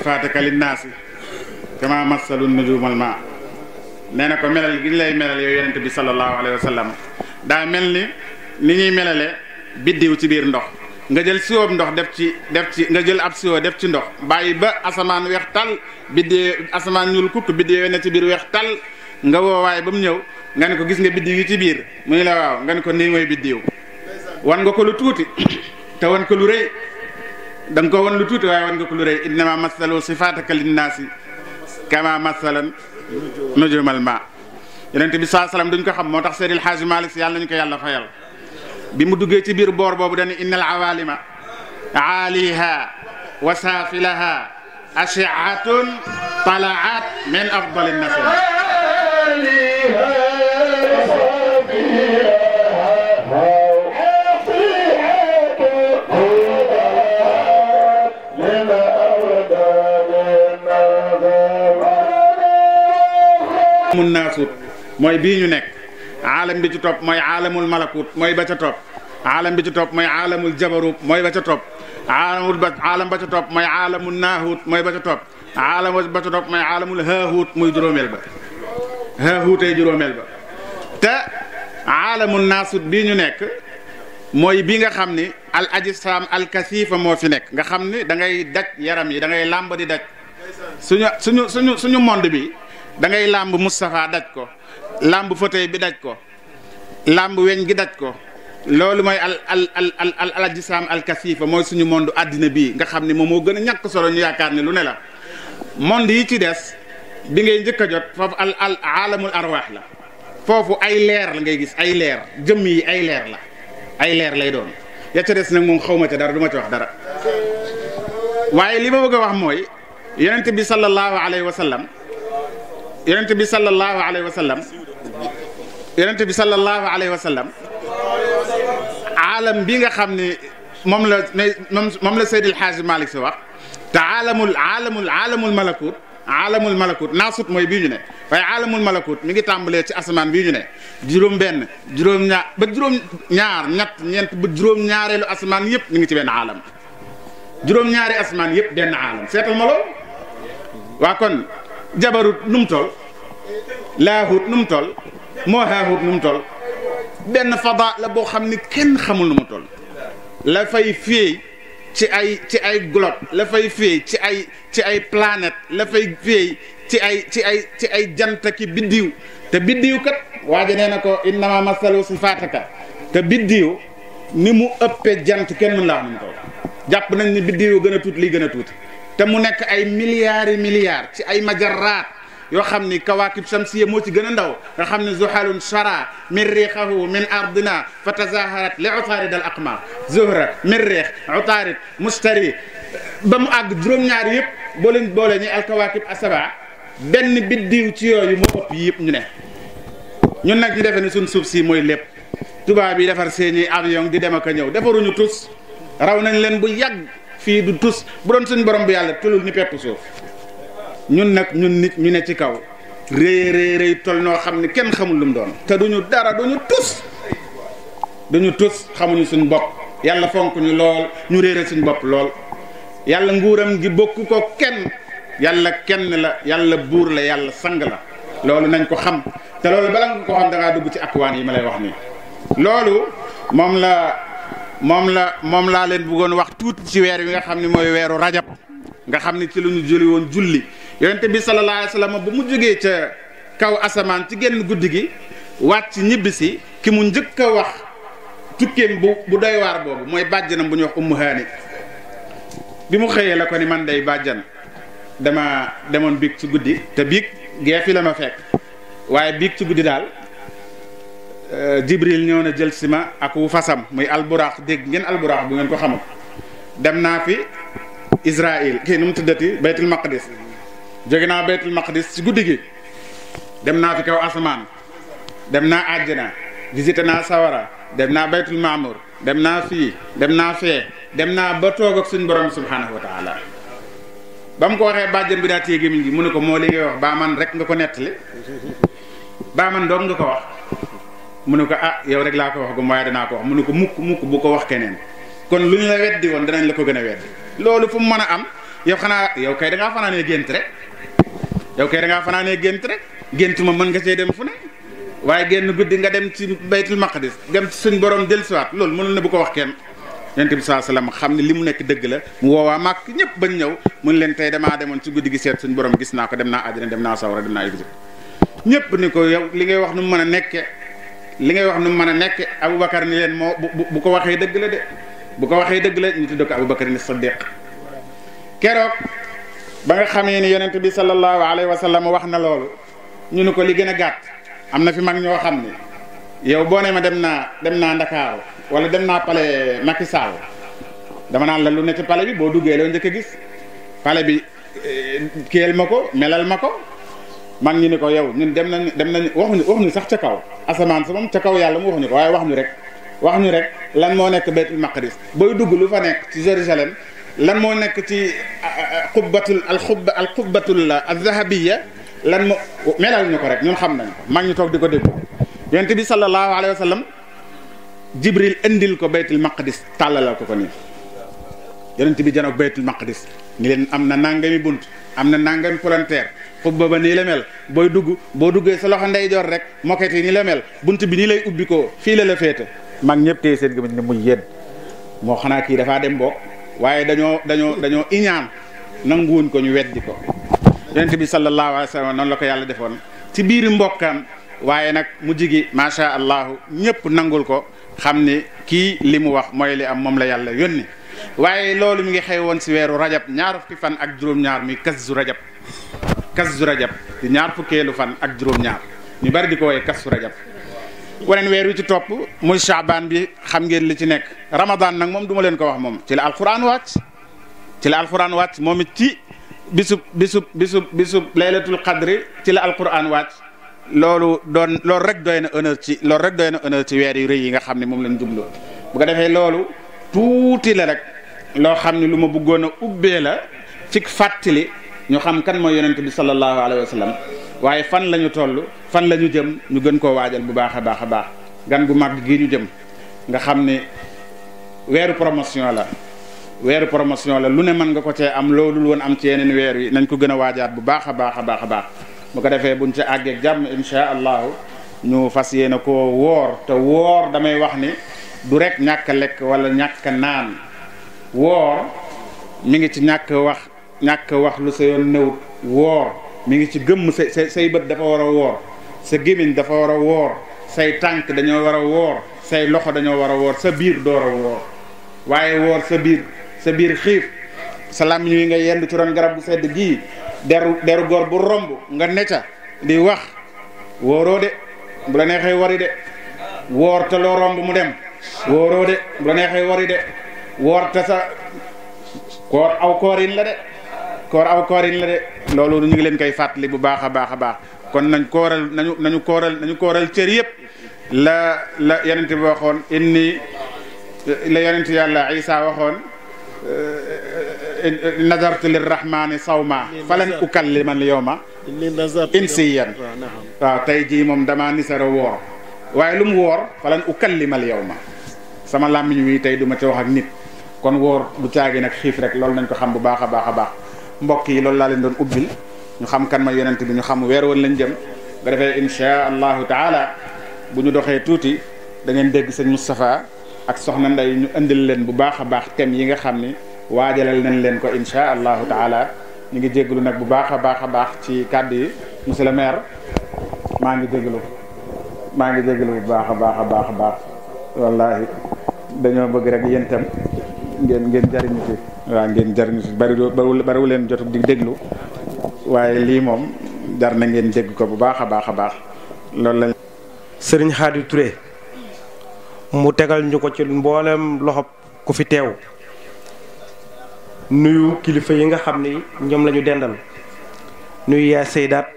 sifaataka linnaasi kama masalu nujumal ma nee na ko melal gi ñu lay melal yow yonent bi sallallahu alayhi wa sallam daa mel ni ni ñuy melale biddiw ci biir ndox nga jël siwoob ndox def ci def ci nga jël ab siwoo def ci ndox bàyyi ba asamaan weex tal biddiw asamaan ñuul kukk biddiw ne ci biir weex tal nga woowaay ba mu ñëw nga ne ko gis nga biddiw yi ci biir mu ne la waaw nga ne ko nii mooy biddiw wan nga ko lu tuuti te wan ko lu rëy da nga ko won lu tuuti waaye won nga ko lu rëy innama masalu sifaataka linnaasi kama masalan nujumal ma yonent bi saa salaam duñ ko xam moo tax Seydil Xaaji Malik si yàlla nañu ko yàlla fayal bi mu duggee ci biir boor boobu dañu innal awalima aaliha wa saafilaha ashiatun talaat min afdali nasir mooy bii ñu nekk aalam bi ci topp mooy aalamul malakut mooy ba ca topp aalam bi ci topp mooy aalamul jabarut mooy ba ca topp aalamul ba aalam ba ca topp mooy aalamul naahut mooy ba ca topp aalam ba ca topp mooy aalamul haahut muy ba haahuutee juróomeel ba te aalamul naasut bii ñu nekk mooy bi nga xam ni al ajsaam al kasifa moo fi nekk nga xam ni dangay ngay daj yaram yi da ngay làmb di daj suñu suñu suñu suñu monde bi da ngay làmb Moustapha daj ko làmb fauteuil bi daj ko làmb weñ gi daj ko loolu mooy al al al al al al islaam al kasifa mooy suñu monde àddina bii nga xam ne moom moo gën a ñàkk solo ñu yaakaar ne lu ne la monde yi ci des bi ngay njëkk a jot foofu al al aalamul arwaax la foofu ay leer la ngay gis ay leer jëmm yi ay leer la ay leer lay doon ya ca des nag moom xawma ca dara du ma ci wax dara waaye li ma bëgg a wax mooy yonent bi sallallahu alayhi wa sallam yonent bi sallallahu alayhi wa sallam yonente bi sallallahu alayhi wa sallam aalam bi nga xam ne moom la moom moom la Seydil Xaaji Malick si wax te alamul aalamul aalamul alamul aalamul malakut naasut mooy bii ñu ne waaye aalamul malakut mi ngi tàmbalee ci asamaan bii ñu ne juróom benn juróom ñaar juróom ñaar ñett ñeent ba juróom ñaareelu asamaan yëpp mi ngi ci benn aalam juróom ñaari asamaan yëpp benn aalam seetal ma lool waa kon jabarut num toll laahut moo xeexut nu mu toll benn fada la boo xam ni kenn xamul nu toll la fay féey ci ay ci ay globe la fay féey ci ay ci ay planète la fay féey ci ay ci ay ci ay jant ki biddiw te biddiw kat waaja nee na ko innama masalu ka te biddiw ni mu ëppee jant kenn mën laa nu toll jàpp nañ ni biddiw gën a tuuti lii gën a tuuti te mu nekk ay milliards yi ci ay majaraat yoo xam ni kawaakib samsiya moo ci gën a ndaw nga xam ne zuhalun shara min riixahu min ardina fa tazaharat li utaarid al aqmar zuhra min riix mustari ba mu àgg juróom-ñaar yëpp boo leen boole ñi al kawaakib asaba benn biddiw ci yooyu moo ëpp yëpp ñu ne ñun nag ñu defee ni suñ suuf si mooy lépp tubaab yi defar seeni avion di dem ak a ñëw defaruñu tus raw nañ leen bu yàgg fii du tus bu doon suñ borom bu yàlla tëlul ñu pepp suuf ñun nag ñun nit ñu ne ci kaw réy réy réy noo xam ne kenn xamul lu doon te duñu dara duñu tus duñu tus xamuñu suñ bopp yàlla fonk ñu lool ñu réere suñ bopp lool yàlla nguuram gi bokku ko kenn yàlla kenn la yàlla buur la yàlla sang la loolu nañ ko xam te loolu bala nga ko xam da dugg ci akwaan yi ma lay wax nii loolu moom la moom la moom laa leen bëggoon wax tuuti ci weer wi nga xam ni mooy weeru rajab nga xam ne ci lu ñu jëli woon julli yonente bi sallallahu alayhi wa sallam bu mu jógee ca kaw asamaan ci genn guddi gi wàcc ñibbi si ki mu njëkk a wax tukkeem bu bu doy waar boobu mooy bàjjanam bu ñuy wax ummu haani bi mu xëyee la ko ni man day bàjjan dama demoon biig ci guddi te biig gee fi la ma fekk waaye biig ci guddi daal euh, jibril ñëw na jël si ma ak wu fasam muy alburaax dégg ngeen alburaax bu ngeen ko xamul dem naa fi Israël kii nu mu tuddati baytul maqdis jóge naa baytul maqdis si guddi gi dem naa fi kaw asamaan dem naa àjjana visité naa sawara dem naa baytul maamur dem naa fii dem naa fee dem naa ba toog ak suñ borom subhaanahu wa taala ba mu ko waxee bàjjen bi daa téye gémmiñ gi mu ne ko moo li ngay wax baa man rek nga ko nettali baa man doog nga ko wax mu ne ko ah yow rek laa ko wax gum waaye danaa ko wax mu ne ko mukk mukk bu ko wax keneen kon lu ñu la weddi woon danañ la ko gën a weddi loolu fu mu mën a am yaw xanaa yow kay da ngaa fanaanee gént rek yow kay da ngaa fanaanee gént rek gént ma mën nga see dem fu ne waaye génn guddi nga dem ci baytul maqdis dem ci suñ borom dellusiwaat loolu mënul na bu ko wax kenn yonent bi saa salaam xam ne li mu nekk dëgg la mu woowaa màkk ñëpp bañ ñëw mun leen tey damaa demoon ci guddi gi seet suñ borom gis naa ko dem naa àddina dem naa sawara dem naa yëg ñëpp ni ko yow li ngay wax nu mu mën a nekke li ngay wax nu mu mën a nekke Aboubacar ni leen moo bu bu ko waxee dëgg la de bu ko waxee dëgg la ñu tudd ko aboubacar ni saddiq keroog ba nga xamee ni yonent bi sallallahu alayhi wa sallam wax na loolu ñu ne ko li gën a gàtt am na fi mag ñoo xam ni yow boo ne ma dem naa dem naa ndakaaru wala dem naa pale Macky Sall dama naan la lu ne ci pale bi boo duggee loo njëkk a gis pale bi eh, kéel ma ko melal ma ko mag ñu ni ko yow ñu dem nañ dem nañ waxuñu waxuñu sax ca kaw asamaan sa moom ca kaw yàlla mu waxuñu ko waaye wax ñu rek wax ñu rek lan moo nekk baytul maqdis booy dugg lu fa nekk ci Jérusalem lan moo nekk ci euh, euh, xubbatul al xubba al xubbatul alzahabiya lan moo melal ñu ko rek ñun xam nañ ko mag ñu toog di ko déglu yonent bi sallallahu alayhi wa sallam jibril indil ko beytul maqdis tàllala ko ko nii yonent bi janoog baytul maqdis ni leen am na nangami bunt am na mi palanteer xubba ba nii la mel booy dugg boo duggee sa loxo ndeyjoor rek moquette yi nii la mel bunt bi nii lay ubbi fii la la féete mag ñëpp téye seen gémmiñ ne muy yéen moo xanaa kii dafaa dem bokk waaye dañoo dañoo dañoo iñaan nanguwuñ ko ñu weddi ko yonent bi sallallahu alayhi wa sallam noonu la ko yàlla defoon ci biir mbokkam waaye nag mu jigi macha allahu ñëpp nangul ko xam ni kii li mu wax mooy li am moom la yàlla yónni waaye loolu mu ngi xew woon si weeru rajab ñaar fukki fan ak juróom-ñaar muy kasu rajab kasu rajab ñaar fukkeelu fan ak juróom-ñaar ñu bari di ko woowee kasu rajab waneen weer wi ci topp muy saabaan bi xam ngeen li ci nekk ramadan nag moom duma leen ko wax moom ci la alxuraan wàcc ci la alxuraan wàcc moom it ci bisub bisub bisub bisub laylatul qadri ci la alxuraan wàcc loolu doon loolu rek doy na honneur ci loolu rek doy na honneur ci weer yu rëy yi nga xam ni moom lañ jubloo bu ko defee loolu tuuti la rek loo xam ni lu ma bëggoon a ubbee la ci fàttali ñu xam kan mooy yonent bi sallallahu alayhi wa waaye fan lañu ñu toll fan la ñu jëm ñu gën koo waajal bu baax a baax a baax gan gu mag gii ñu jëm nga xam ne weeru promotion la weeru promotion la lu ne mën nga ko cee am loolu woon am ci yeneen weer wi nañ ko gën a waajaat bu baax a baax a baax a baax bu ko defee buñ ci àggee jàmm insha allahu ñu fas yéene koo woor te woor damay wax ni du rek ñàkk lekk walla ñàkk naan woor mi ngi ci ñàkk wax ñàkk wax lu sa yoon néwut woor mi ngi ci gëmm say say say bët dafa war a woor sa gémmiñ dafa war a woor say tànk dañoo war a woor say loxo dañoo war a woor sa biir door a woor waaye woor sa biir sa biir xiif sa làmmiñ wi nga yenn ci ron garab bu sedd gii deru deru bu romb nga necca di wax wooroo de bu la neexee wari de woor te loo romb mu dem wooroo de bu la neexee wari de woor te sa koor aw koorin la de koor aw koorin la de loolu ñu ngi leen koy fàttali bu baax a baax a baax kon nañ kooral nañu nañu kooral nañu kooral cër yëpp la la yonent bi waxoon inni la yonent yàlla Isa waxoon nazartu lirrahmani sawma falan ukallima al yawma insiyan waaw tey jii moom damaa nisara woor waaye lu mu woor falan ukallima al yawma sama làmmiñ wi tey du ma ci wax ak nit kon woor bu caagi nag xiif rek loolu nañ ko xam bu baax a baax a baax mbokk yi loolu laa leen doon ubbil ñu xam kan ma yonent bi ñu xam weer woon lañ jëm nga defee insha allahu taala bu ñu doxee tuuti dangeen ngeen dégg sëñ Moustapha ak soxna Ndey ñu indil leen bu baax a baax thèmes yi nga xam ni waajalal nañ leen ko insha allahu taala ñu ngi jégalu nag bu baax a baax a baax ci kàddi yi le maire maa ngi jégalu maa ngi jégalu bu baax a baax a baax a baax dañoo bëgg rek yéen itam ngeen ngeen jariñu ci waaw ngeen jariñu ci bari bariwu leen jot di déglu waaye lii moom jar na ngeen dégg ko bu baax a baax a baax loolu la sëriñ Xaadi ture mu tegal ñu ko ci mboolem loxo ku fi teew nuyu kilifa yi nga xam ni ñoom lañu dendal nuyu yaa seydaat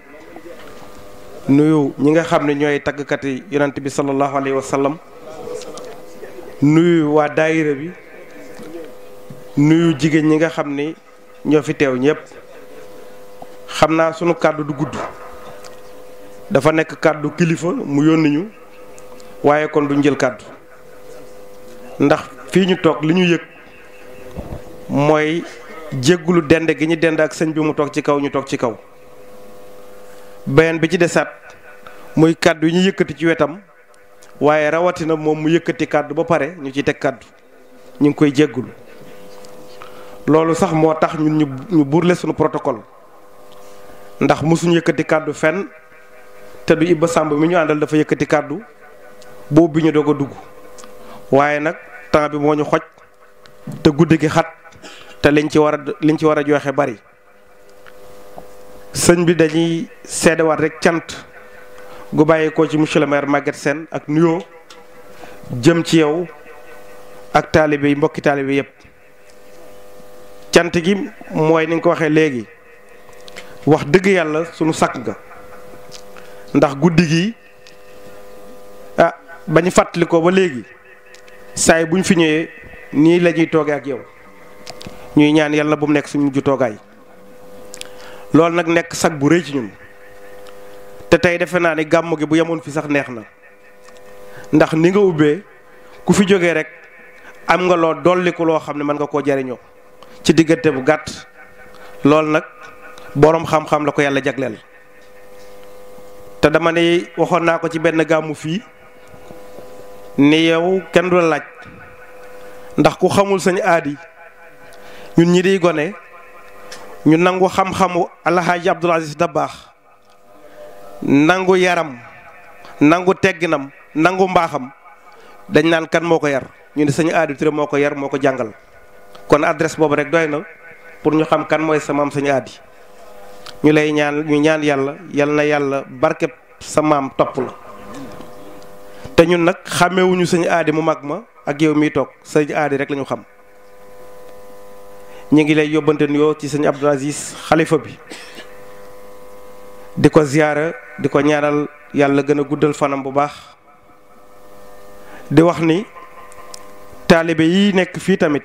nuyu ñi nga xam ne ñooy taggkati yonent bi sallallahu alayhi wa sallam nuyu waa daayira bi nuyu jigéen ñi nga xam ni ñoo fi teew ñëpp xam naa sunu kàddu du gudd dafa nekk kàddu kilifa mu yónni ñu waaye kon duñ jël kàddu ndax fii ñu toog li ñu yëg mooy jéggulu dend gi ñu dend ak sëñ bi mu toog ci kaw ñu toog ci kaw beneen bi ci desaat muy kàddu yi ñu yëkkati ci wetam waaye rawatina moom mu yëkkati kàddu ba pare ñu ci teg kàddu ñu ngi koy jéggulu loolu sax moo tax ñun ñu ñu burle suñu protocole ndax mosuñu yëkkati kàddu fenn te du Ibba Samb mi ñu àndal dafa yëkkati kàddu boobu bi ñu doog a dugg waaye nag temps bi moo ñu xoj te guddi gi xat te liñ ci war a ci war a joxe bari sëñ bi dañuy seedewaat rek cant gu bàyyeekoo ci monsieur le maire Maguette Sène ak nuyoo jëm ci yow ak taalibe yi mbokki taalibe yépp cant gi mooy ni nga ko waxee léegi wax dëgg yàlla sunu sakk ga ndax guddi gi ah, ba ñu fàttali ko ba léegi saay bu ñu fi ñëwee nii la ñuy toogee ak yow ñuy ñaan yàlla bu mu nekk suñu mujj toogaay loolu nag nekk sag bu rëy ci ñun te tey defe naa ni gàmm gi bu yemoon fi sax neex na ndax ni nga ubbee ku fi jógee rek am nga loo dolliku loo xam ne mën nga koo jariñoo ci diggante bu gàtt loolu nag boroom xam-xam la ko yàlla jagleel te dama ne waxoon naa ko ci benn gàmmu fii ni yow kenn du la laaj ndax ku xamul sañ aadi ñun ñi di gone ñu nangu xam-xamu alxaaji Abdul Aziz baax nangu yaram nangu tegginam nangu mbaaxam dañ naan kan moo ko yar ñu ne sañ aadi Ture moo ko yar moo ko jàngal kon adresse boobu rek doy na pour ñu xam kan mooy sa maam sëñ aadi ñu lay ñaan ñu ñaan yàlla yal na yàlla barkeb sa maam topp la te ñun nag xàmmewuñu sëñ aadi mu mag ma ak yow miy toog sëñ aadi rek lañu xam ñu ngi lay yóbbante ci sëñ Abdou Aziz xalifa bi di ko ziyaara di ko ñaanal yàlla gën a guddal fanam bu baax di wax ni taalibe yi nekk fii tamit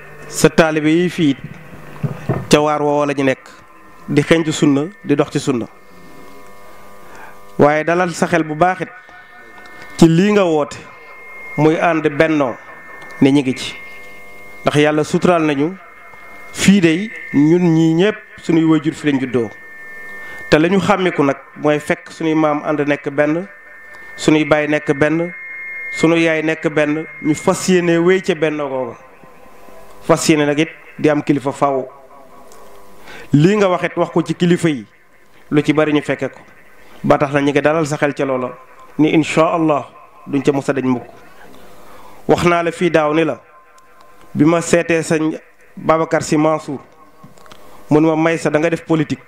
sa taalibe yi fii ca waar woowa la ñu nekk di xenc sunna di dox ci sunna waaye dalal sa xel bu baaxit ci lii nga woote muy ànd bennoo ne ñu ngi ci ndax yàlla suturaal nañu fii de ñun ñii ñëpp suñuy wayjur fi lañ juddoo te la ñu xàmmiku nag mooy fekk suñuy maam ànd nekk benn sunuy baay nekk benn sunu yaay nekk benn ñu fas yéene wéy ca benn googa fas yéene nag it di am kilifa faw lii nga waxit wax ko ci kilifa yi lu ci bari ñu fekke ko ba tax na ñi nga dalal sa xel ca loola ni incha allah duñ ca mos a dañ mukk wax naa la fii daaw ni la bi ma seetee sañ Babacar Sy Mansour mu ma may sa da nga def politik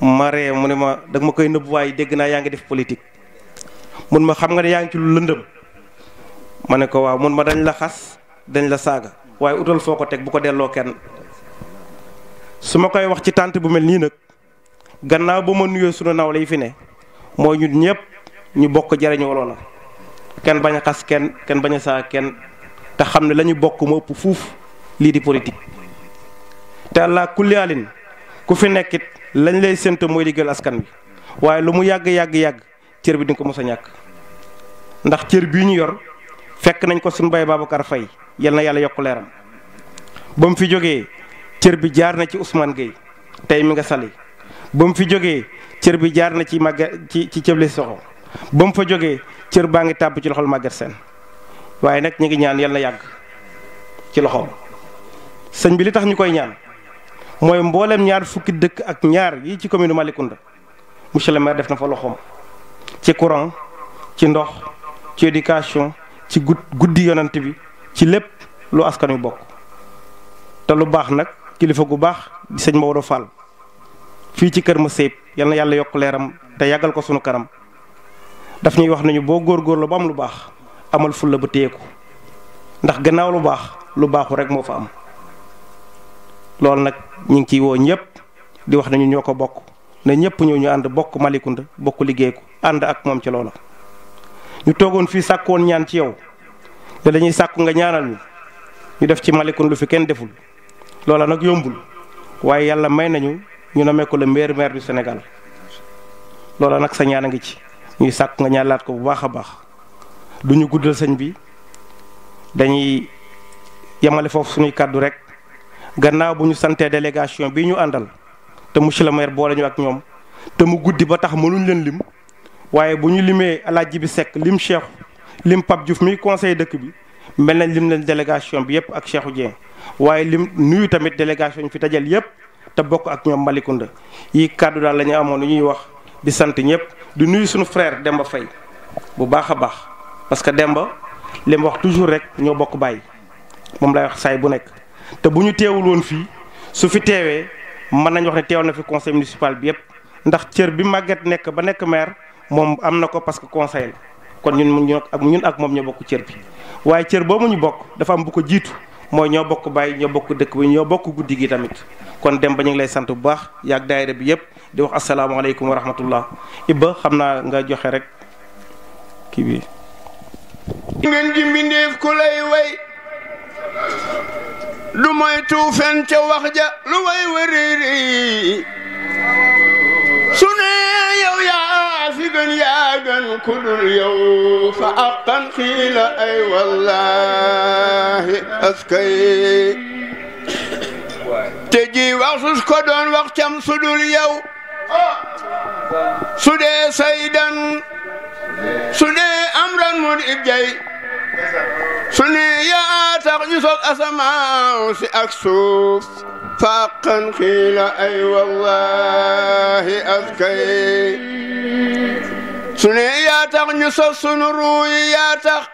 ma ree mu ne ma dag ma koy nëbb waaye dégg naa yaa ngi def politique mun ma xam nga ne yaa ngi ci lu lëndëm ma ne ko waaw mun ma dañ la xas dañ la saaga waaye utal foo ko teg bu ko delloo kenn su ma koy wax ci tànt bu mel nii nag gannaaw ba ma nuyoo sunu nawle yi fi ne mooy ñun ñëpp ñu bokk jariñoo loola kenn bañ a xas kenn kenn bañ a saa kenn te xam ne lañu bokk ma ëpp fuuf lii di politique te allah kulli alin ku fi nekkit lañ lay séntu mooy liggéeyal askan wi waaye lu mu yàgg yàgg yàgg cër bi di ko mos a ñàkk ndax cër bii ñu yor. fekk nañ ko suñu bay Babacar Faye yal na yàlla yokk leeram ba mu fi jógee cër bi jaar na ci Ousmane Gueye tey mi nga sali ba mu fi jógee cër bi jaar na ci màgg ci ci cëble soxo ba mu fa jógee cër baa ngi tàbb ci loxol Maguette Sène waaye nag ñu ngi ñaan yal na yàgg ci loxoom sëñ bi li tax ñu koy ñaan mooy mboolem ñaar fukki dëkk ak ñaar yi ci commune Malicounda monsieur le maire def na fa loxoom ci courant ci ndox ci éducation ci gud guddi yonent bi ci lépp lu askan wi bokk te lu baax nag kilifa gu baax di sëñ Maodo Fall fii ci kër ma séeb yal yàlla yokk leeram te yàggal ko sunu kanam daf ñuy wax nañu boo góorgóorlu ba am lu baax amal fulla ba téyeku ndax gannaaw lu baax lu baaxu rek moo fa am loolu nag ñu ngi ciy woo ñëpp di wax nañu ñoo ko bokk ne ñëpp ñëw ñu ànd bokk Malicounda bokk liggéey ko ànd ak moom ci loola ñu toogoon fii woon ñaan ci yow te dañuy sàkku nga ñaanal ñu ñu def ci malikun lu fi kenn deful loola nag yombul waaye yàlla may nañu ñu nommé mekkul le meilleur maire du Sénégal loola nag sa ñaan a ngi ci ñuy sàkku nga ñaanalaat ko bu baax a baax du ñu guddal sëñ bi dañuy yemale foofu suñuy kàddu rek gannaaw bu ñu santee délégation bii ñu àndal te monsieur le maire boole ñu ak ñoom te mu guddi ba tax mënuñ leen lim. waaye bu ñu limee alaaji bi sekk lim cheikh lim pap Diouf mi conseil dëkk bi mel nañ lim leen délégation bi yëpp ak Cheikhou Dieng waaye lim nuyu tamit délégation fi dajal yëpp te bokk ak ñoom Malicounda yi kàddu daal la ñu amoon lu ñuy wax di sant ñëpp du nuyu suñu frère Demba Faye bu baax a baax parce que Demba li wax toujours rek ñoo bokk bàyyi moom lay wax saay bu nekk te bu ñu teewul woon fii su fi teewee mën nañu wax ne teew na fi conseil municipal bi yëpp ndax cër bi màgget nekk ba nekk maire moom am na ko parce que conseil kon ñun mu ñun ak ñun ak moom ñoo bokk cër bi waaye cër boobu ñu bokk dafa am bu ko jiitu mooy ñoo bokk bàyyi ñoo bokk dëkk bi ñoo bokk guddi gi tamit kon dem ba ñu ngi lay sant bu baax yaag daayira bi yëpp di wax asalaamaaleykum wa rahmatullah Ibba xam naa nga joxe rek kii bi. ngeen ji mbindeef ku lay way du moy tuufen ca wax ja lu way wëri su ne yow yaa gën yaa gën ku dul yow fa aqan xiila ay wallahi askay te ji wax sus wax cam su dul yow su dee saydan su dee amran mun ibjay su ne yaa tax ñu asamaaw si ak فحقا قيل أي والله أذكي سني يا تخ نسو سنروي يا تخ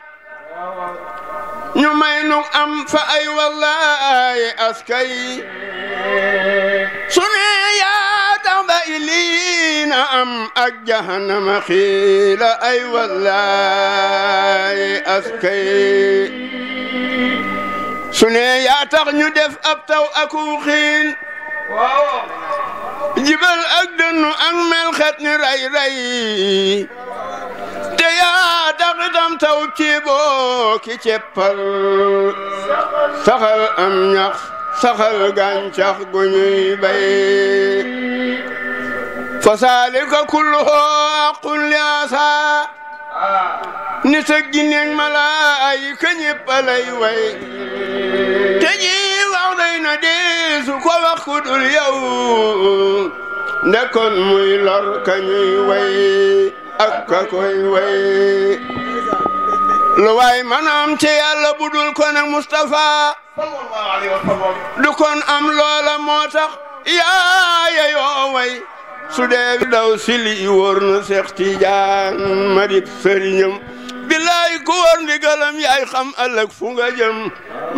نمينو أم فأي والله أذكي سني يا تبئلين أم أجهنم قيل أي والله أذكي su ne yaa tax ñu def ab taw akum xiin jibal ak dënnu ak melxet ni ray ray te yaa tax itam taw ceeboo ki ceppal saxal am ñax saxal gàncax gu bay fa saalika kulluhu aqul li asaa nit ak jinne ak malaayika ñépp lay way te ji wax day na deesu ko wax ku dul yow ndekon muy lor ñuy way ak koy way lu waay manaam ci yàlla budul ko nag du kon am loola moo tax yaa yayoo su dee daw sili i wóor na Seex Tijaan ma di sëriñam bilaay ku war ndigalam yaay xam ëllëg fu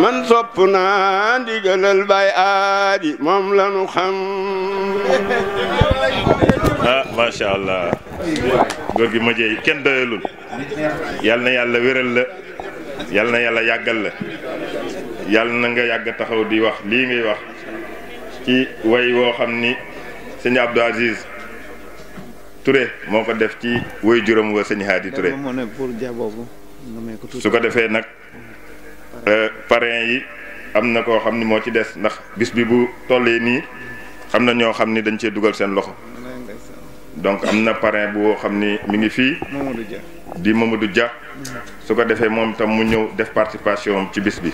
man sopp naa ndigalal bay aadi moom lanu xam ah macha allah gi ma jeey kenn doyalul yal na yàlla wéral la yal na yàlla yàggal la yal na nga yàgg taxaw di wax lii ngay wax ci way woo xam ni sëñ Abdou Aziz ture moo ko def ci woy juróom wa sëñ Hadi Touré su ko defee nag euh, parrain yi am na koo xam ni moo ci des ndax bis bi bu tollee nii xam na ñoo xam ni dañ cee dugal seen loxo donc am na parrain bu xam ni mi ngi fii di Mamadou Dia su ko defee moom tam mu ñëw def participation ci bis bi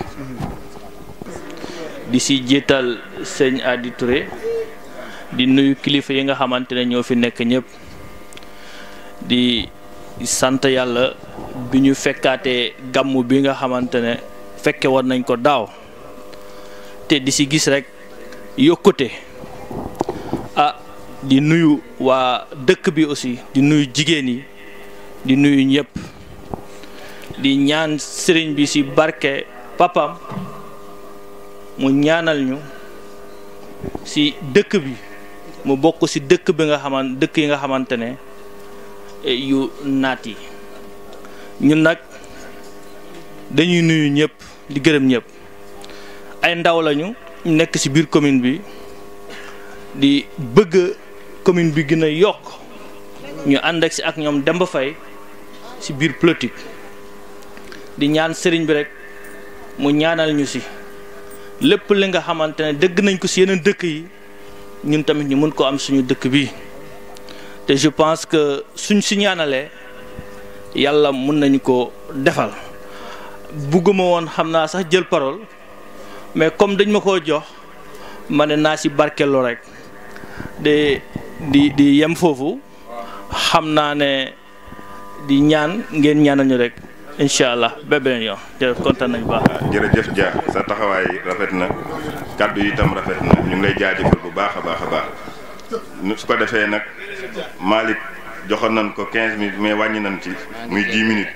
di si jiital sëñ Hadi Touré di nuyu kilifa yi nga xamante ne ñoo fi nekk ñëpp di sant yàlla bi ñu fekkaatee gàmmu bi nga xamante ne fekke woon nañ ko daaw te di ci gis rekk yokkute a di nuyu waa dëkk bi aussi di nuyu jigéen yi di nuyu ñëpp di ñaan sëriñ bi ci barke papam mu ñaanal ñu si dëkk bi mu bokk ci dëkk bi nga xaman dëkk yi nga xamante ne eh, yu naat yi ñun nag dañuy nuyu ñëpp di gërëm ñëpp ay ndaw lañu nekk ci biir commune bi di bëgg commune bi gën a yokk ñu ànd ak ci ak ñoom Demba fay ci biir politique di ñaan sëriñ bi rek mu ñaanal ñu ci lépp li nga xamante ne dëgg nañ ko ci yeneen dëkk yi. ñun tamit ñu mën koo am suñu dëkk bi te je pense que suñ si ñaanalee yàlla mun nañu koo defal bugguma woon xam naa sax jël parole mais comme dañ ma koo jox ma ne naa si barkellu rek di di di yem foofu xam naa ne di ñaan ngeen ñaanal ñu rek incha allah ba beneen yoon jërëjëf kontaan nañu baax. jërëjëf Dia sa taxawaay rafet na kàddu yi itam rafet na ñu ngi lay jaajëfal bu baax a baax a baax su ko defee nag Malick joxoon nañ ko 15 minutes mais wàññi nañ ci muy 10 minutes.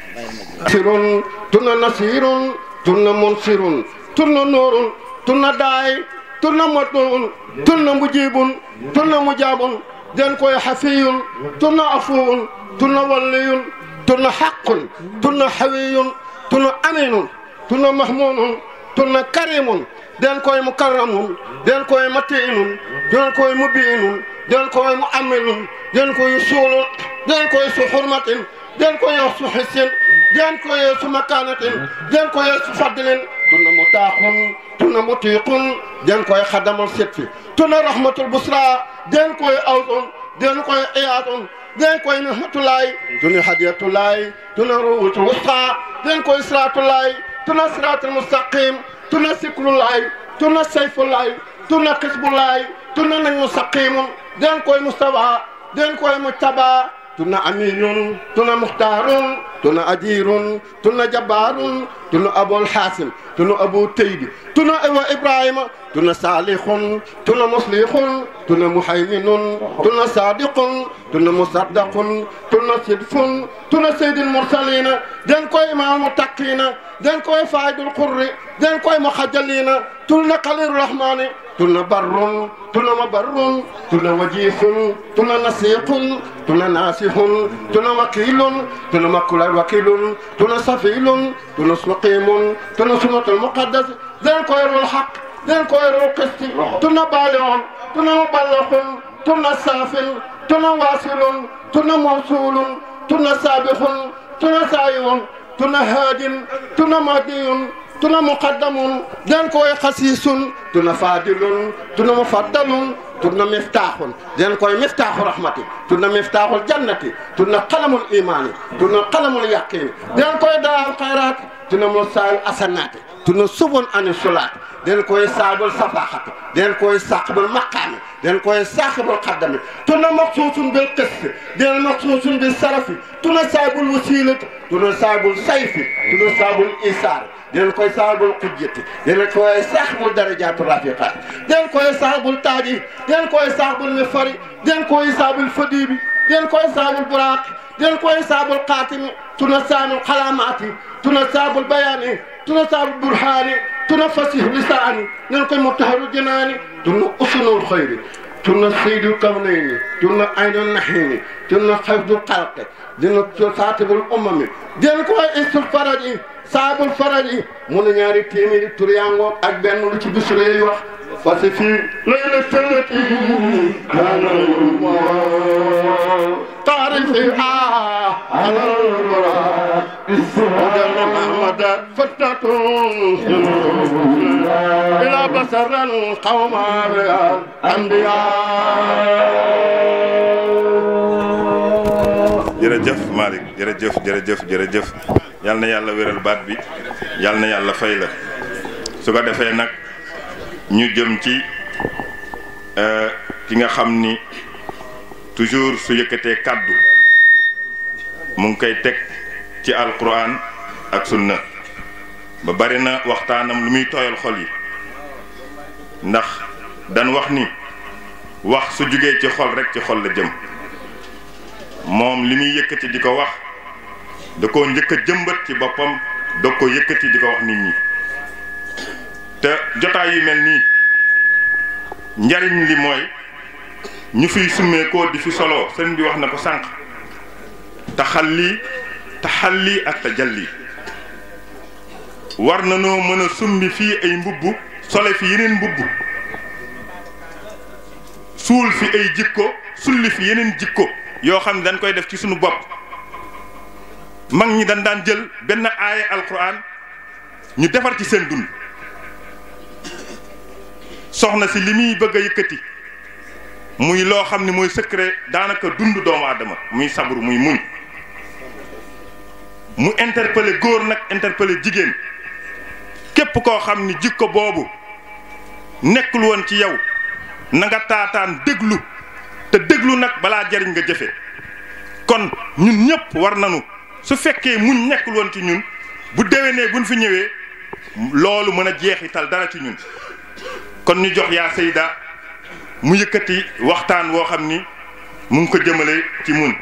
sirun turna nasirun turna munsirun turna noorun turna daay turna motun turna mujibun turna mujaabun den koy xafiyun turna afuun turna walliyun tuna haqqun tuna hawiyun tuna aminun tuna mahmunun tuna karimun den koye mo den koye matiinun den koye mubiinun den koye mo den koye suulun den koye su hurmatin den koye su hissin den koye su makanatin den koye su faddilin tuna mutaaxun tuna mutiiqun den koye hadamol setfi tuna rahmatul busra den koye awton den koye iyaton biyen koy no hatulay tuni hadiyatulay tuna ruutul wusta biyen koy siratulay tuna siratul mustaqim tuna sikrulay tuna sayfulay tuna kisbulay tuna nañ mustaqimun biyen koy mustafa biyen koy mujtaba tuna amiyun tuna muxtaarun tuna ajiirun tuna jabaarun tuna abul xaasim tuna abu taydi tuna ewa ibrahima tuna saalixun tuna muslixun tuna muhayminun tuna saadiqun tuna musaddaqun tuna sidfun tuna seydil mursalina den koy imaamu taqina den koy faydul qurri den koy muxajjalina tuna qalirurahmani تنا بر تنا مبر تنا وجيح تنا نسيق تنا ناسح تنا وكيل تنا مكل وكيل تنا سفيل تنا سقيم تنا سنة المقدس ذن كوير الحق ذن كوير القسط تنا بالغ تنا مبلغ تنا سافل تنا واصل تنا موصول تنا سابق تنا سايون تنا هاد تنا مهدي tuna muqaddamun den koy xasiisun tuna faadilun tuna mufaddalun tuna miftaaxun den koy miftaaxu rahmati tuna miftaaxul jannati tuna qalamul imaani tuna qalamul yaqiini den koy daal xayraat tuna musaal asanaati tuna subun ani sulaati den koy saabul safaaxati den koy saaqibul maqaami den koy saaqibul qaddami tuna maqsuusun bil qisti den maqsuusun bil sarafi tuna saabul wasiilati tuna saabul sayfi tuna saabul isaari di leen koy saabul xujjati di leen koy saabul darajaatu rafiqaat di leen koy saabul taaji di leen koy saabul mifari di leen koy saabul fadibi di leen koy saabul buraaq di leen koy saabul xaatimi tuna saamul xalaamaati tuna saabul bayaani tuna saabul burhaani tuna fasih lisaani di leen koy mutaharu jinaani tuna usunul xayri tuna saydul kawnayni tuna aynul nahini tuna xafdul xalqi dina saatibul umami di leen koy istul faraji saabul faral yi mu ne ñaari téeméeri tur yango ak benn lu ci bis lay wax parce que fii lay la sënati anal taarifi a anal mura وجل محمد فتة إلى بصر القوم بها أنبياء jërëjëf Malick jërëjëf jërëjëf jërëjëf yal na yàlla wéral baat bi yal na yàlla fay la su ko defee nag ñu jëm ci euh, ki nga xam ni toujours su yëkkatee kàddu mu ngi koy teg ci alquran ak sunna ba bari na waxtaanam lu muy tooyal xol yi ndax dan wax ni wax su jugee ci xol rek ci xol la jëm moom li muy yëkkati di ko wax da ko njëkk a jëmbat ci boppam dog ko yëkkati di ko wax nit ñi te jotaay yu mel nii njariñ li mooy ñu fiy summeekoo di fi solo sëñ bi wax na ko sànq taxalli lii ak tajalli war na noo mën a summi fii ay mbubb sole fi yeneen mbubbu suul fi ay jikko sulli fi yeneen jikko yoo xam ne dañ koy def ci sunu bopp mag ñi dañ daan jël benn aaya alquran ñu defar ci seen dund soxna si li muy bëgg a yëkkati muy loo xam ni mooy secret daanaka dund doomu aadama muy sabaru muy muñ mu interpellé góor nag interpellé jigéen képp koo xam ni jikko boobu nekkul woon ci yow na taataan déglu te déglu nag balaa jariñ nga jëfe kon ñun ñëpp war nañu su fekkee muñ nekkul woon ci ñun bu déwénee buñ fi ñëwee loolu mën a jeexital dara ci ñun kon ñu jox yaa Seyda mu yëkkati waxtaan woo xam ni mu ngi ko jëmale ci mun